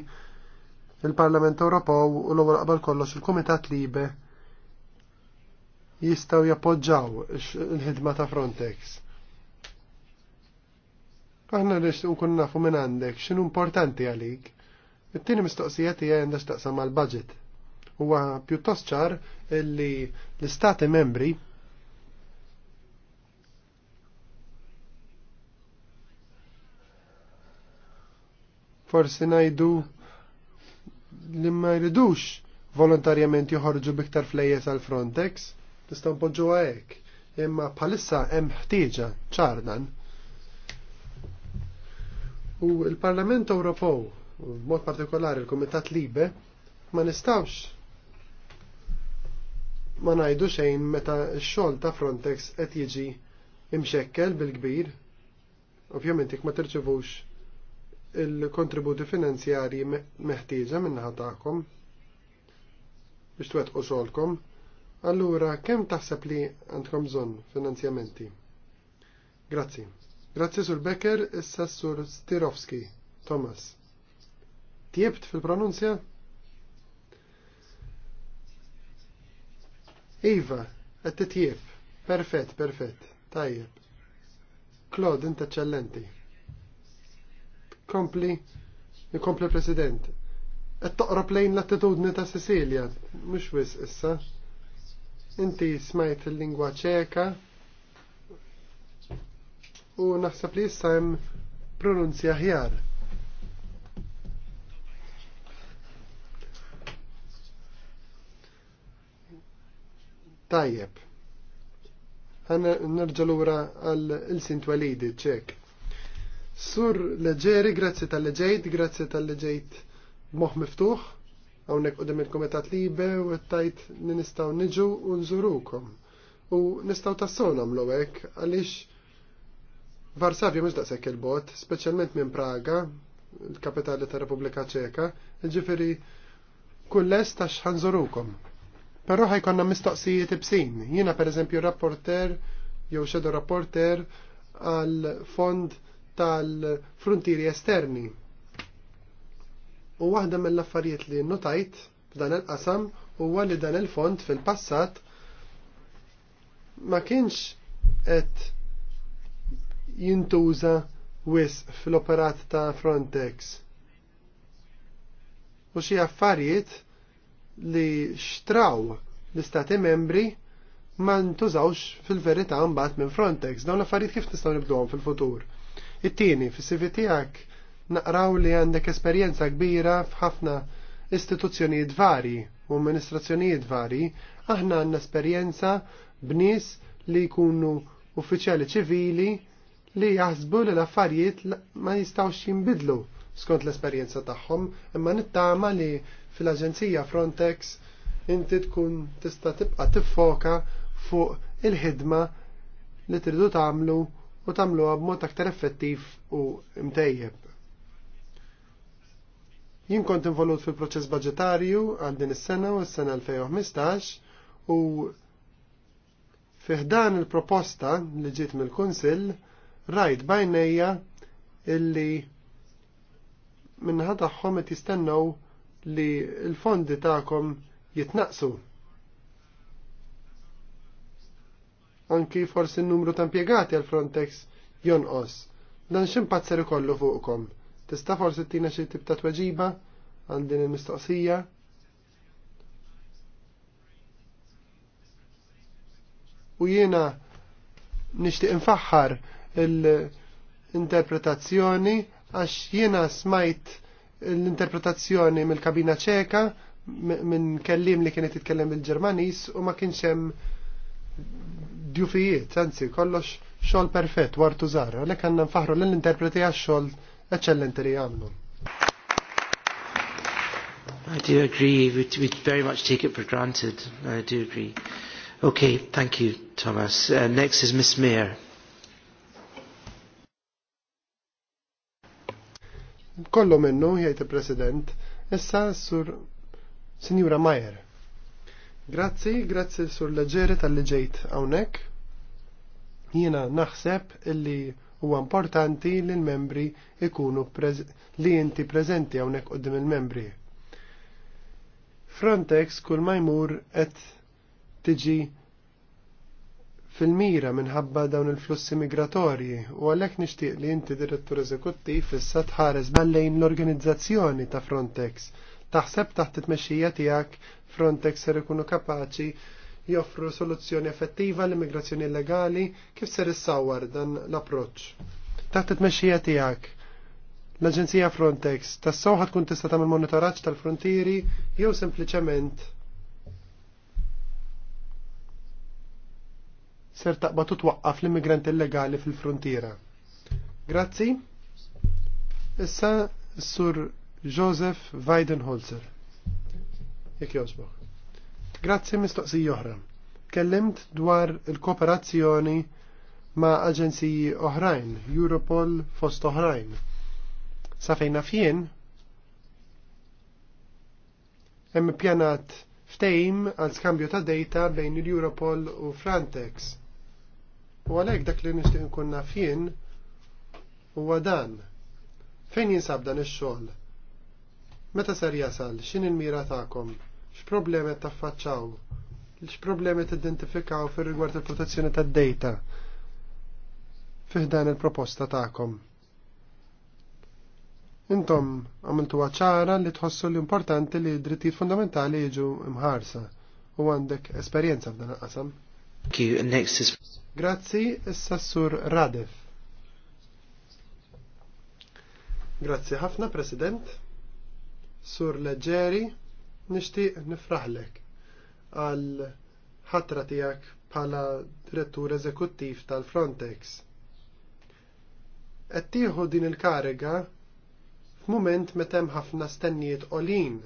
S1: il-Parlament Ewropew u l-ewwel qabel kollox il-Kumitat Libe jistaw jappoġġaw il-ħidma ta' Frontex. Aħna rix nkun nafu minn għandek x'inhu importanti għalik. It-tieni mistoqsija tiegħi għandha x'taqsam mal-budget. Huwa pjuttost ċar illi l-istati membri forsi najdu li ma jridux volontarjament joħorġu biktar flejjes għal Frontex Tista' npoġġu hekk. Imma bħalissa hemm ħtieġa ċardan. U l-Parlament Ewropew, b'mod partikolari l-Kumitat Libe, ma nistawx ma najdu xejn meta x-xogħol ta' Frontex qed jiġi imxekkel bil-kbir. Ovvjament jekk ma tirċevux il-kontributi finanzjarji meħtieġa minnaħa tagħkom biex twettqu xogħolkom. Allura, kemm taħseb li għandkom bżonn finanzjamenti? Grazzi. Grazzi sur Becker, issa sur Stirovski, Thomas. Tiebt fil-pronunzja? Iva, għed titjieb. Perfett, perfett. Tajjeb. Claude, inta eccellenti. Kompli, kompli president. Għed toqra plejn l-attitudni ta' Cecilia, mux wis issa. Inti smajt il-lingwa ċeka u naħseb li jissa hemm pronunzja ħjar. Tajjeb. Nerġa' lura għal il-sint walidi ċek. Sur leġeri, grazzi tal-leġejt, grazzi tal-leġejt moħ miftuħ hawnhekk u il-Kumitat Libe u tajt li nistgħu niġu u nżurukom. U nistgħu tassona nagħmlu hekk għaliex Varsavja mhux daqshekk il-bot, speċjalment minn Praga, il-kapitali ta' Repubblika Ċeka, ġifiri kull lest għax ħanżurukom. Però ħajkonna mistoqsijiet ibsin. Jiena pereżempju rapporter jew xedu rapporter għal fond tal-frontieri esterni U waħda mill-affarijiet li notajt f'dan il-qasam huwa li dan il font fil-passat ma kienx qed jintuża wis fl-operat ta' Frontex. U xi affarijiet li xtraw l-istati membri ma ntużawx fil-verità mbagħad minn Frontex. Dawn l-affarijiet kif nistgħu nibduhom fil-futur. It-tieni, fis-CV tiegħek naqraw li għandek esperjenza kbira f'ħafna istituzzjonijiet vari u amministrazzjonijiet vari, aħna għandna esperjenza b'nies li jkunu uffiċjali ċivili li jaħsbu li l-affarijiet ma jistawx jinbidlu skont l-esperjenza tagħhom, imma nittama li fil-Aġenzija Frontex inti tkun tista' tibqa' tiffoka fuq il-ħidma li tridu tagħmlu u tagħmluha b'mod aktar effettiv u imtejjeb. Jien kont involut fil-proċess budgetarju għal din is-sena u s-sena 2015 u fiħdan il-proposta li ġiet mill-Kunsill rajt bajnejja illi minnaħa tagħhom qed jistennew li l-fondi tagħkom jitnaqsu. Anki forsi n-numru ta' impjegati għal Frontex jonqos. Dan x'impazzer ser ikollu fuqkom? Tista' forsi tina xi tip ta' tweġiba għal din il-mistoqsija? U jiena nixtieq infaħħar l-interpretazzjoni għax jiena smajt l-interpretazzjoni mill-kabina ċeka minn kellim li kienet titkellem bil-Ġermanis u ma kienx hemm djufijiet, anzi kollox xogħol perfett wartu żar, għalhekk għandna nfaħru l-interpreti għax xogħol eċċellenti li għamlu.
S3: I do agree, we, we
S2: very much take it for granted. I do agree. Okay, thank you, Thomas. Uh, next
S3: is Miss Mayer.
S1: Kollu minnu, jgħid president issa sur Signora Mayer. Grazzi, grazzi sur leġere tal leġejt għawnek. hawnhekk. naħseb illi huwa importanti li l-membri ikunu li inti preżenti hawnhekk qudiem il-membri. Frontex kull ma jmur qed tiġi fil-mira minħabba dawn il-flussi migratorji u għalhekk nixtieq li inti direttur eżekuttiv issa tħares mallejn l-organizzazzjoni ta' Frontex. Taħseb taħt it-tmexxija tiegħek Frontex ser ikunu kapaċi joffru soluzzjoni effettiva l-immigrazzjoni illegali kif ser issawar dan l-approċ. Taħt it-mexxija tiegħek l-Aġenzija Frontex tassew ħadkun tkun tista' tagħmel monitoraġġ tal-frontieri jew sempliċement ser taqba twaqqaf l-immigrant illegali fil-frontiera. Grazzi. Issa s-sur Joseph Weidenholzer. Jek jozbok. Grazzi mistoqsi oħra. Kellimt dwar il-kooperazzjoni ma' aġenziji oħrajn, Europol fost oħrajn. Sa fejna fien, hemm pjanat ftejm għal skambju ta' data bejn il-Europol u Frontex. U għalhekk dak li nixtieq nkun naf jien huwa dan. Fejn jinsab dan ix-xogħol? Meta ser jasal? X'in il-mira tagħkom? X'problemi taffaċċaw? X'problemi tidentifikaw fir rigward il-protezzjoni tad-data fiħdan il-proposta tagħkom? Intom għamiltu ċara li tħossu l-importanti li drittijiet fundamentali jiġu imħarsa u għandek esperjenza f'dan il-qasam. Grazzi, s-sassur Radef. Grazzi ħafna, President. Sur Leggeri. Nixtieq nifraħlek għal ħatra tiegħek bħala direttur eżekuttiv tal-Frontex. Ettiħu din il-kariga f'mument meta hemm ħafna stennijiet qolin.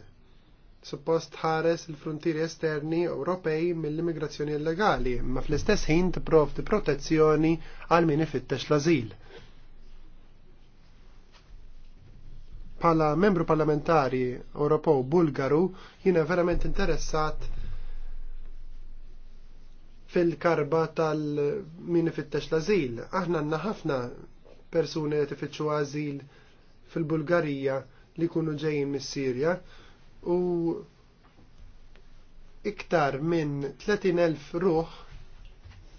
S1: Suppost ħares il-frontieri esterni Ewropej mill-immigrazzjoni illegali, Ma fl-istess ħin tipprovdi protezzjoni għal min ifittex l azil Pala membru parlamentari Ewropew Bulgaru jiena verament interessat fil-karba tal-min ifittex l-azil. Aħna għanna ħafna persuni li tifittxu azil fil-Bulgarija li kunu ġejjin mis-Sirja u iktar minn 30.000 ruħ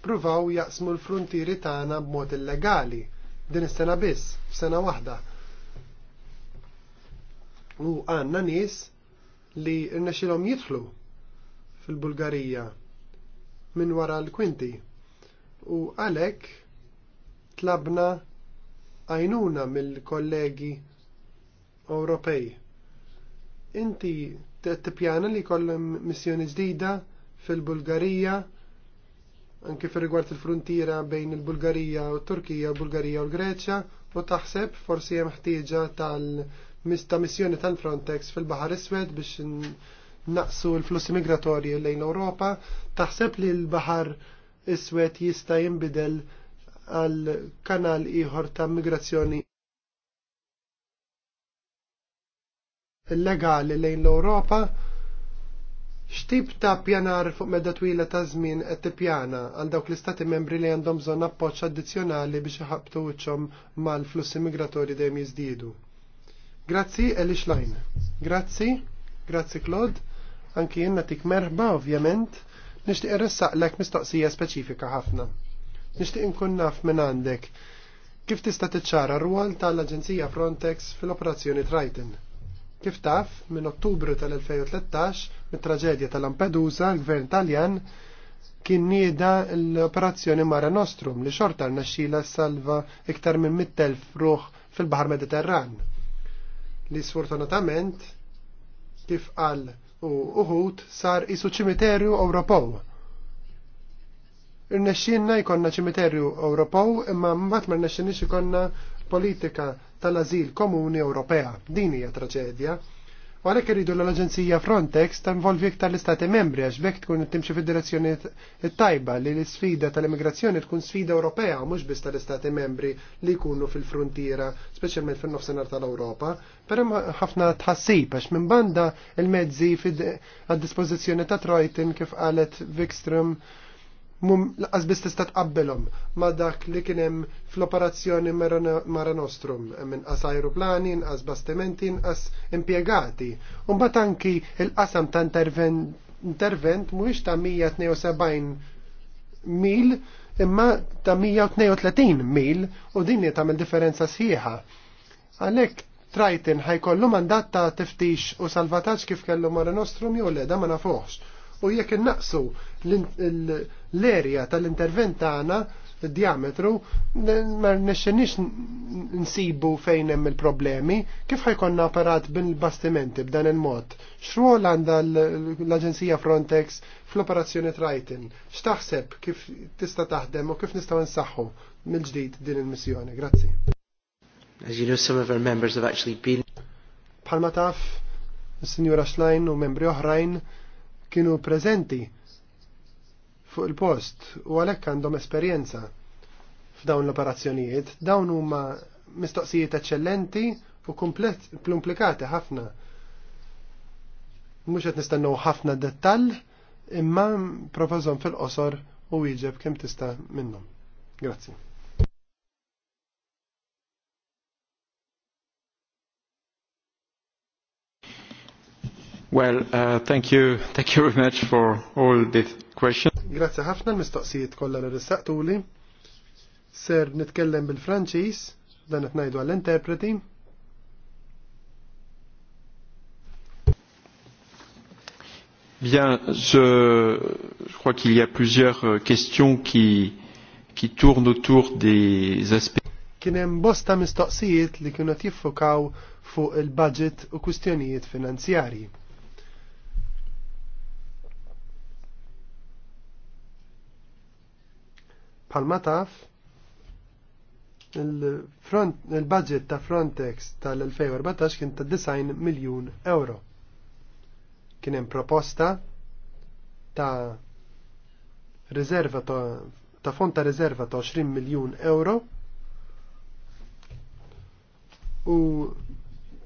S1: pruvaw jaqsmu l-frontieri tagħna b'mod illegali din is-sena biss, f'sena waħda. U għanna nis li rnexilhom jidħlu fil-Bulgarija minn wara l-kwinti. U għalek tlabna għajnuna mill-kollegi Ewropej. Inti t-tipjana li kollem missjoni ġdida fil-Bulgarija anke fil rigward il-frontiera bejn il-Bulgarija u Turkija, Bulgarija u l-Greċja u taħseb forsi hemm ħtieġa tal mista missjoni tal Frontex fil-Bahar Iswed biex naqsu l-flussi migratorji lejn Ewropa, taħseb li l-Bahar Iswed jista' jinbidel għal kanal ieħor ta' migrazzjoni illegali lejn l-Ewropa. X'tip ta' pjanar fuq medda twila ta' żmien qed tippjana għal dawk l-istati membri li għandhom bżonn appoġġ addizzjonali biex iħabtu wiċċhom mal-flussi migratorji dejjem jiżdiedu? Grazzi Eli Schlein. Grazzi, grazzi Claude. Anki jenna tik merħba ovvjament. Nishtiq irressaq lek mistoqsija speċifika ħafna. Nishtiq inkun naf minn għandek kif tista' tiċċara rwol tal-Aġenzija Frontex fil-Operazzjoni Triton. Kif taf, minn Ottubru tal-2013, mit-traġedja tal-Lampedusa, l-Gvern Taljan kien nieda l-operazzjoni Mara Nostrum li xorta naxxila salva iktar minn 100,000 ruħ fil-Baħar Mediterran li sfortunatament kif qal u uħut sar isu ċimiterju Ewropew. Irnexxinna jkollna ċimiterju Ewropew imma mbagħad ma rnexxinix ikollna politika tal ażil komuni Ewropea. Din hija traġedja. U għalek rridu l-Aġenzija Frontex tinvolvi iktar l-Istati Membri għax bekk tkun timxi fid-direzzjoni tajba li l-sfida tal-immigrazzjoni tkun sfida Ewropea u mhux biss tal-Istati Membri li jkunu fil-frontiera, speċjalment fin-nofsinhar tal-Ewropa, però ħafna tħassib għax minn banda il-mezzi għad-dispożizzjoni ta' Trojtin kif qalet Vikström mum laqas biss tista' tqabbelhom ma' dak li kien hemm fl-operazzjoni Mara Nostrum minn inqas ajruplani, inqas bastimenti, inqas impjegati. U mbagħad anki il-qasam ta' intervent mhuwiex ta' 172 mil imma ta' 132 mil u din li tagħmel differenza sħiħa. Għalhekk Trajtin ħajkollu mandat ta' tiftix u salvataġġ kif kellu Mara Nostrum jew le da ma nafuħx u jekk innaqsu l-erja tal-intervent tagħna diametru ma nexxenix nsibu fejn hemm il-problemi, kif ħajkonna apparat bin l bastimenti b'dan il-mod? X'rwol għandha l-Aġenzija Frontex fl-operazzjoni Triton? X'taħseb kif tista' taħdem u kif nistgħu nsaħħu mill-ġdid din il-missjoni? Grazzi.
S2: As you know, some of our members have
S1: actually been. Palmataf, taf, Signora Schlein u membri oħrajn kienu preżenti fuq il-post u għalhekk għandhom esperjenza f'dawn l-operazzjonijiet. Dawn huma mistoqsijiet eċċellenti u komplikati ħafna. Mhux qed nistennew ħafna dettall, imma provażhom fil-qosor u wieġeb kemm tista' minnhom. Grazzi.
S2: Well, uh, thank you, thank
S1: you very much for all the questions. Grazie ħafna l-mistoqsijiet kollha li rissaqtuli. Ser nitkellem bil-Franċiż, dan qed ngħidu għall-interpreti. Bien, je, je crois qu'il y a plusieurs euh, questions qui, qui tournent autour des aspects. Kien hemm bosta mistoqsijiet li kienu jiffokaw fuq il-budget u kwistjonijiet finanzjarji. Palma taf, il-budget il ta' Frontex tal-2014 kien ta' 9 miljun euro. Kien hemm proposta ta' riserva ta', ta fond ta' riserva ta' 20 miljun euro u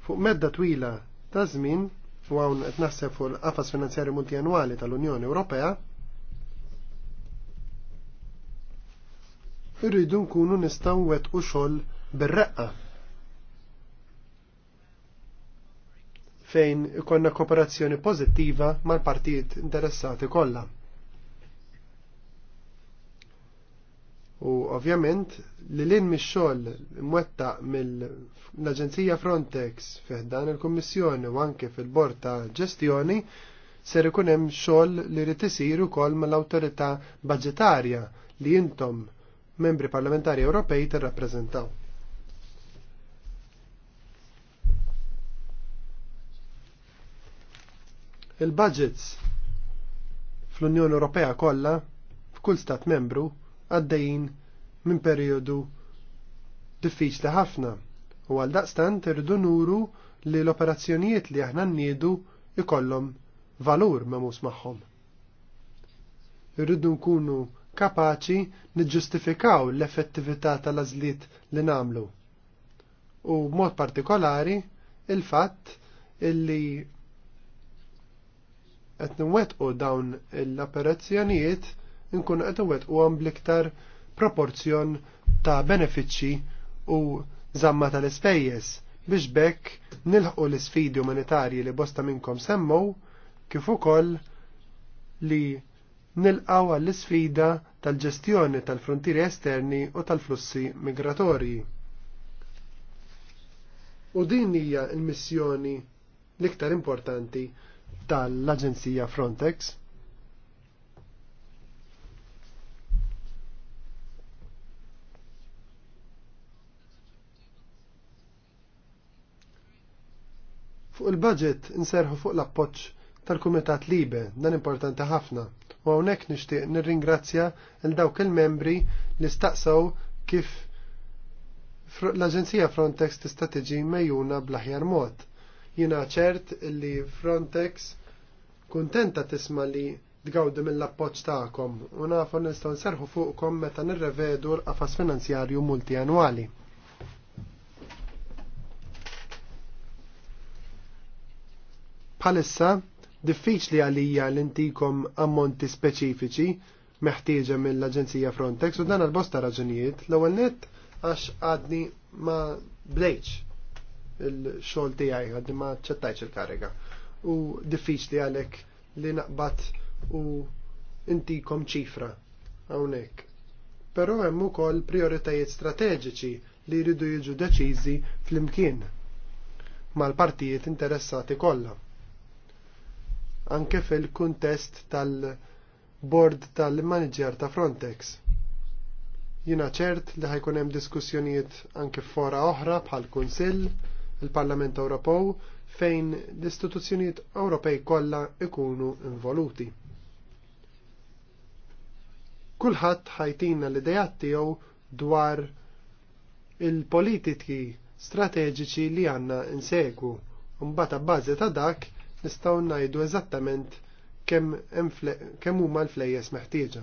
S1: fuq medda twila ta' żmien u hawn qed naħseb fuq l-qafas finanzjarju multianwali tal-Unjoni Ewropea irridu nkunu nistgħu wettqu xogħol bir-reqqa. fejn ikonna kooperazzjoni pożittiva mal-partijiet interessati kollha. U ovvjament li l mix-xogħol mwetta mill-Aġenzija Frontex fih dan il-Kummissjoni u anke fil-Bord ta' Ġestjoni ser ikun hemm xogħol li rid isir ukoll mal-awtorità budġetarja li intom membri parlamentari Ewropej tirrappreżentaw. Il-budgets fl-Unjoni Ewropea kollha f'kull stat membru għaddejjin minn perjodu diffiċli ħafna u għal daqstant irridu nuru li l-operazzjonijiet li aħna nniedu ikollhom valur memus magħhom. Irridu nkunu kapaċi niġġustifikaw l-effettività tal-azlit li namlu. U mod partikolari il-fatt illi qed nwettqu dawn l-operazzjonijiet nkun qed għam bliktar proporzjon ta' benefiċċji u żamma tal-ispejjeż biex bekk nilħqu l-isfidi umanitarji li bosta minnkom semmu kif ukoll li nilqaw għall-isfida tal-ġestjoni tal-frontieri esterni u tal-flussi migratorji. U din hija l-missjoni l-iktar importanti tal-Aġenzija Frontex. Fuq il-budget inserħu fuq l-appoċ tal-Kumitat Libe, dan importanti ħafna. U hawnhekk nixtieq nirringrazzja l dawk il-membri li staqsaw kif l-Aġenzija Frontex tista' tiġi mejjuna bl-aħjar mod. Jiena ċert li Frontex kuntenta tisma' li tgawdu mill-appoġġ tagħkom u nafu nistgħu nserħu fuqkom meta nirrevedu l-qafas finanzjarju multianwali. Palissa, diffiċli għalija l-intikom ammonti speċifiċi meħtieġa mill-Aġenzija Frontex u dan għal-bosta raġunijiet l-ewwel nett għax għadni ma blejċ il-xogħol tiegħi għadni ma ċettajċ il-kariga. U diffiċli għalek li naqbad u intikom ċifra hawnhekk. Però hemm ukoll prioritajiet strateġiċi li jridu jiġu deċiżi fl-imkien mal-partijiet interessati kollha anke fil-kuntest tal-bord tal-manager ta' Frontex. Jina ċert li ħajkun hemm diskussjonijiet anke fora oħra bħal kunsill il-Parlament Ewropew fejn l-istituzzjonijiet Ewropej kollha ikunu involuti. Kulħadd ħajtina l-idejat tiegħu dwar il-politiki strateġiċi li għanna mbagħad Mbata bbażi ta' dak nistgħu ngħidu eżattament kemm huma l-flejjes meħtieġa.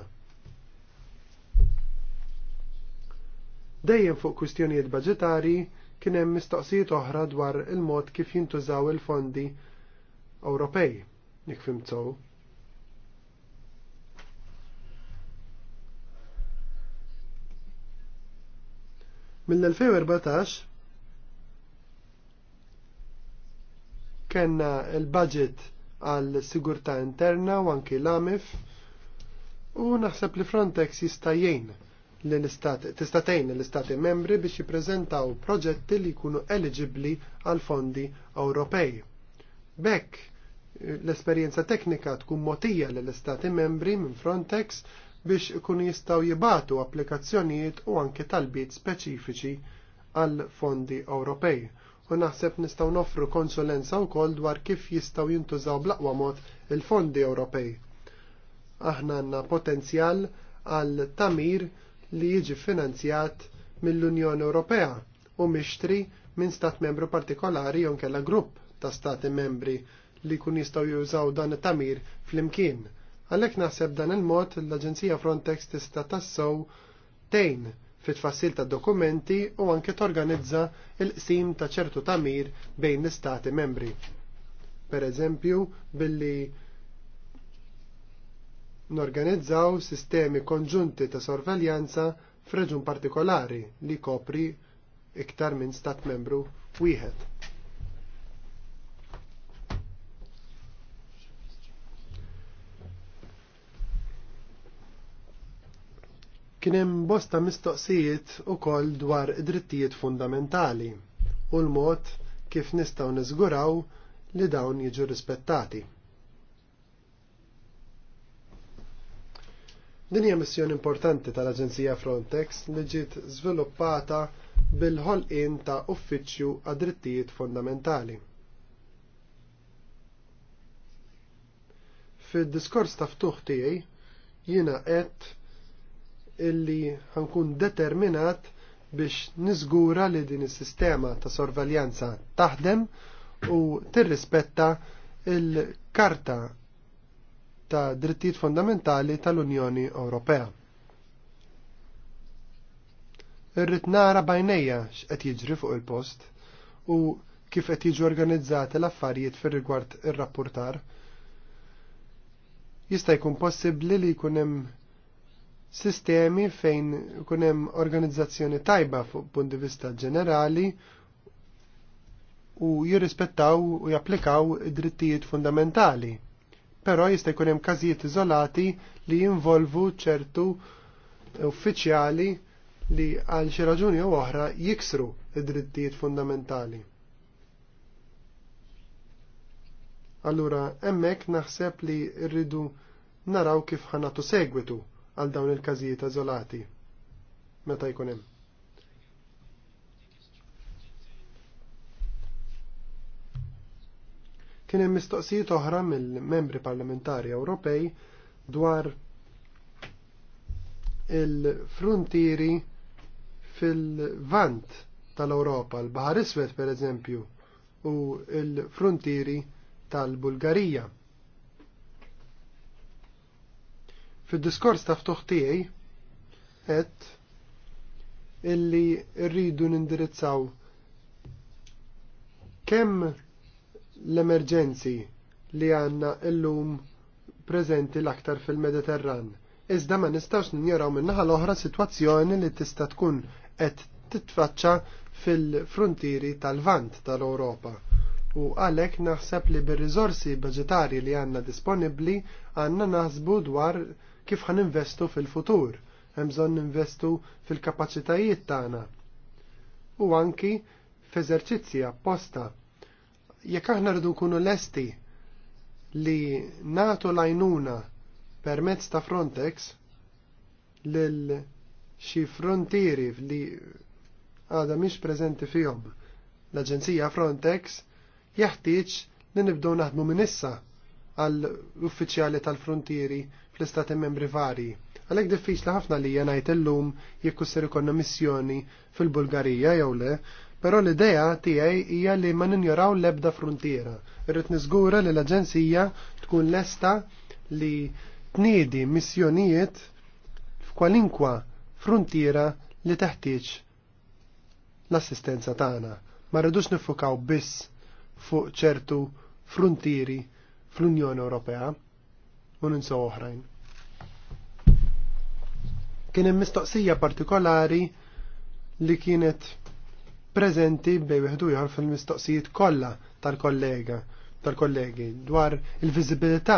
S1: Dejjem fuq kwistjonijiet budgetari kien hemm mistoqsijiet oħra dwar il-mod kif jintużaw il-fondi Ewropej, jekk fimtsow. Mill-2014 kena il-budget għal sigurta interna u anki l-AMIF u naħseb li Frontex jistajjen tistatejn l-istati membri biex jiprezentaw proġetti li jkunu eligibli għal fondi Ewropej. Bekk, l-esperjenza teknika tkun motija l-istati membri minn Frontex biex ikunu jistaw jibatu applikazzjonijiet u anke talbiet speċifiċi għal fondi Ewropej u naħseb nistaw nofru konsulenza wkoll dwar kif jistaw jintużaw blaqwa mod il-fondi Ewropej. Aħna għandna potenzjal għal tamir li jiġi finanzjat mill-Unjoni Ewropea u mixtri minn stat membru partikolari jew kella grupp ta' stati membri li kun jistaw jużaw dan il tamir fl-imkien. Għalhekk naħseb dan il-mod l-Aġenzija Frontex tista' tassew tejn fit tfassil ta' dokumenti u anke torganizza il-qsim ta' ċertu tamir bejn l-istati membri. Per eżempju, billi norganizzaw sistemi konġunti ta' sorveljanza f'reġun partikolari li kopri iktar minn stat membru wieħed. Kien hemm bosta mistoqsijiet ukoll dwar drittijiet fundamentali u l-mod kif nistgħu niżguraw li dawn jiġu rispettati. Din hija missjoni importanti tal-Aġenzija Frontex li ġiet żviluppata bil-ħolqien ta' uffiċċju għad drittijiet fundamentali. Fid-diskors ta' ftuħ tiegħi jiena qed illi ħankun determinat biex niżgura li din is-sistema ta' sorveljanza taħdem u tirrispetta il-Karta ta' Drittijiet Fondamentali tal-Unjoni Ewropea. Irrid nara bajnejja x'qed jiġri fuq il-post u kif qed jiġu organizzati l-affarijiet fir-rigward ir rapportar Jista' jkun possibbli li jkun hemm sistemi fejn kunem organizzazzjoni tajba fuq punt di vista ġenerali u jirrispettaw u japplikaw drittijiet fundamentali. Però jista' jkun hemm każijiet iżolati li jinvolvu ċertu uffiċjali li għal xi raġuni jew oħra jiksru id-drittijiet fundamentali. Allura hemmhekk naħseb li rridu naraw kif ħanatu segwitu għal dawn il-każijiet eżolati meta jkun hemm. Kien hemm mistoqsijiet oħra mill-membri parlamentari Ewropej dwar il-frontieri fil-vant tal-Ewropa, l-Bahar Iswed pereżempju, u l-frontieri tal-Bulgarija. Fid-diskors ta' ftuħ tiegħi qed illi rridu nindirizzaw kemm l-emerġenzi li għandna llum prezenti l-aktar fil-Mediterran. Iżda ma nistax ninjaraw minnaħa l-oħra sitwazzjoni li tista' tkun qed titfaċċa fil-frontieri tal-vant tal-Ewropa. U għalhekk naħseb li bir-riżorsi budġetarji li għandna disponibbli għandna naħsbu dwar kif ħan investu fil-futur, hemm bżonn investu fil-kapaċitajiet tagħna. U anki f'eżerċizzi apposta. Jekk aħna rridu nkunu lesti li nagħtu lajnuna permezz ta' Frontex lil xi frontieri li għada mhix preżenti fihom l-Aġenzija Frontex jeħtieġ li nibdew naħdmu minn issa għall uffiċjali tal-frontieri fl-istati membri vari. Għalek diffiċ li ħafna li jenajt illum jekk ser ikonna missjoni fil-Bulgarija jew le, pero l idea tiegħi hija li ma ninjoraw l-ebda frontiera. Irrid niżgura li l-Aġenzija tkun lesta li tniedi missjonijiet f'kwalinkwa frontiera li teħtieġ l-assistenza tagħna. Ma rridux nifukaw biss fuq ċertu frontieri fl-Unjoni Ewropea u ninsaw oħrajn. Kien hemm mistoqsija partikolari li kienet preżenti bej wieħdu jħor fil-mistoqsijiet kollha tal-kollega tal-kollegi dwar il-viżibilità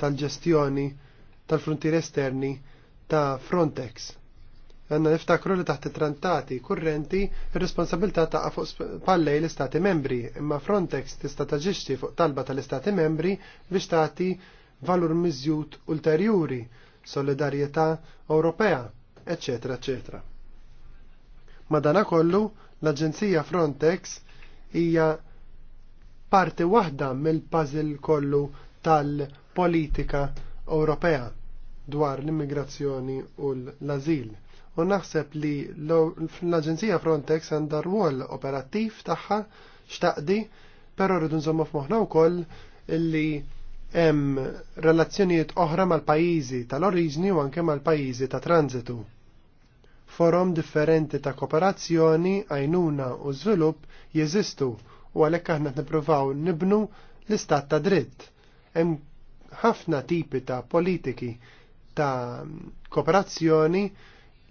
S1: tal-ġestjoni tal-frontier esterni ta' Frontex. Għanna niftakru li taħt trantati kurrenti ir-responsabilità ta' fuq pallej l-Istati membri, imma Frontex tista' taġixxi fuq talba tal-Istati membri biex tagħti valur miżjud ulterjuri, solidarjetà Ewropea, eċetera, eċetera. Madanakollu, l-Aġenzija Frontex hija parti waħda mill-puzzle kollu tal-politika Ewropea dwar l-immigrazzjoni u l-azil. U naħseb li l-Aġenzija Frontex għandha rwol operattiv tagħha xtaqdi, però rridu nżommu f'moħħna wkoll li hemm relazzjonijiet oħra mal-pajjiżi tal-oriġni u anke mal-pajjiżi ta' transitu. Forom differenti ta' kooperazzjoni, għajnuna u żvilupp jeżistu u għalhekk aħna nippruvaw nibnu l-istat ta' dritt. Hemm ħafna tipi ta' politiki ta' kooperazzjoni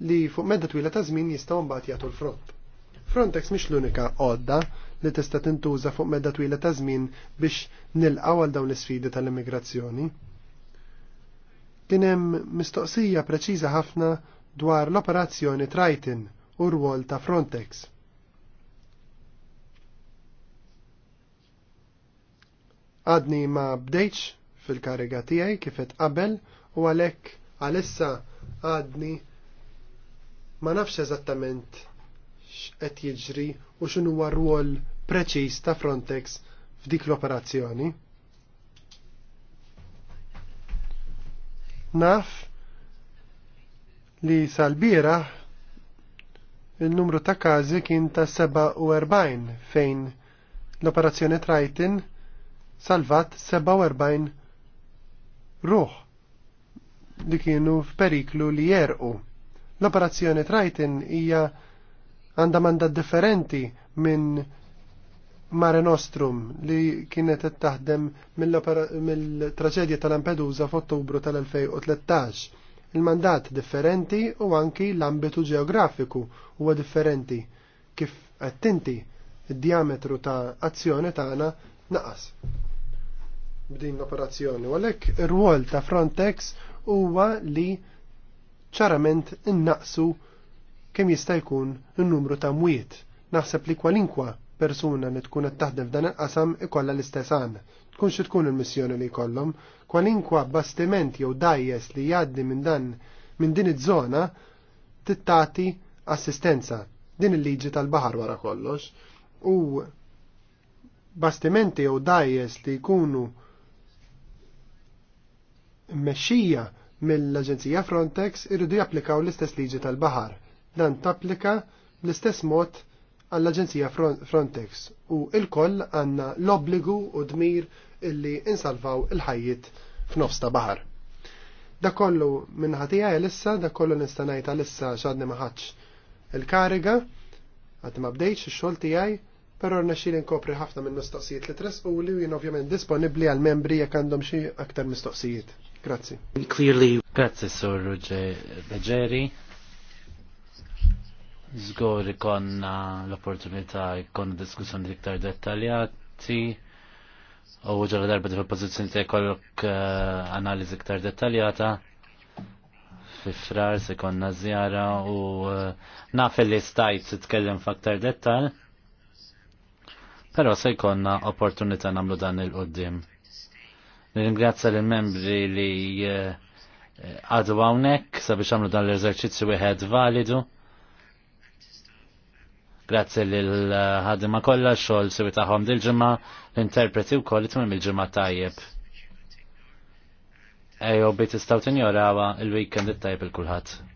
S1: li fuq medda twila ta' żmien jistgħu mbagħad jagħtu l-frott. Frontex mhix l-unika għodda li tista' tintuża fuq medda twila ta' żmien biex nilqgħu għal dawn l-isfidi tal-immigrazzjoni. Kien hemm mistoqsija preċiża ħafna dwar l-operazzjoni Triton u rwol ta' Frontex. Għadni ma bdejċ fil-kariga tiegħi kifet qabel u għalhekk għalissa għadni ma nafx eżattament x'qed jiġri u x'inhu huwa rwol preċiż ta' Frontex f'dik l-operazzjoni. Naf li salbira il-numru ta' każi kien ta' 47 fejn l-operazzjoni Triton salvat 47 ruħ li kienu f'periklu li jerqu. L-operazzjoni Triton hija għandha mandat differenti minn Mare Nostrum li kienet taħdem mill-traġedja mill tal-Lampedusa f'Ottubru tal-2013. Il-mandat differenti u anki l-ambitu ġeografiku huwa differenti kif attinti il diametru ta' azzjoni tagħna naqas. B'din l-operazzjoni u għalhekk ir-rwol ta' Frontex huwa li ċarament innaqsu kemm jista' jkun in-numru ta' mwiet. Naħseb li kwalinkwa persuna li tkun qed taħdem f'dan il-qasam ikollha l-istess għan. Tkun xi tkun il-missjoni li jkollhom, kwalinkwa bastiment jew dajjes li jgħaddi minn dan minn din iż-żona tittati assistenza. Din il-liġi tal-baħar wara kollox. U bastimenti jew dajjes li jkunu mmexxija mill-Aġenzija Frontex irridu japplikaw l-istess liġi tal-baħar Dan tapplika bl-istess mod għall-Aġenzija Frontex u il-koll għanna l-obbligu u dmir illi insalvaw il-ħajjiet f'nofs ta' bahar. Da kollu minnħatija għalissa, da kollu nistanajt għalissa xadni maħħaċ il-kariga, għad ma bdejċ xol tijaj, pero rnaxil inkopri ħafna minn mistoqsijiet li tres u li jien ovvjament disponibli għal membri jek għandhom xi aktar mistoqsijiet. Grazzi.
S3: Clearly, grazzi Sur Leġeri. Zgur ikonna l-opportunità ikonna diskussjoni iktar dettaljati u ġara darba fil pozizjoni ta kollok eh, analizi iktar dettaljata fi frar se konna zjara u eh, naf li stajt titkellem f'aktar dettal pero se jkonna opportunità namlu dan il-qoddim. Nirringrazza l-membri li eh, għadu għawnek sabiex għamlu dan l-eżerċizzju wieħed validu. Grazzi l-ħadima eh, kollha xogħol sewi tagħhom dil-ġimgħa l-interpreti wkoll itmim il-ġimgħa tajjeb. Ejjew bi tistgħu tinjorawha il-weekend it-tajb il-kulħadd.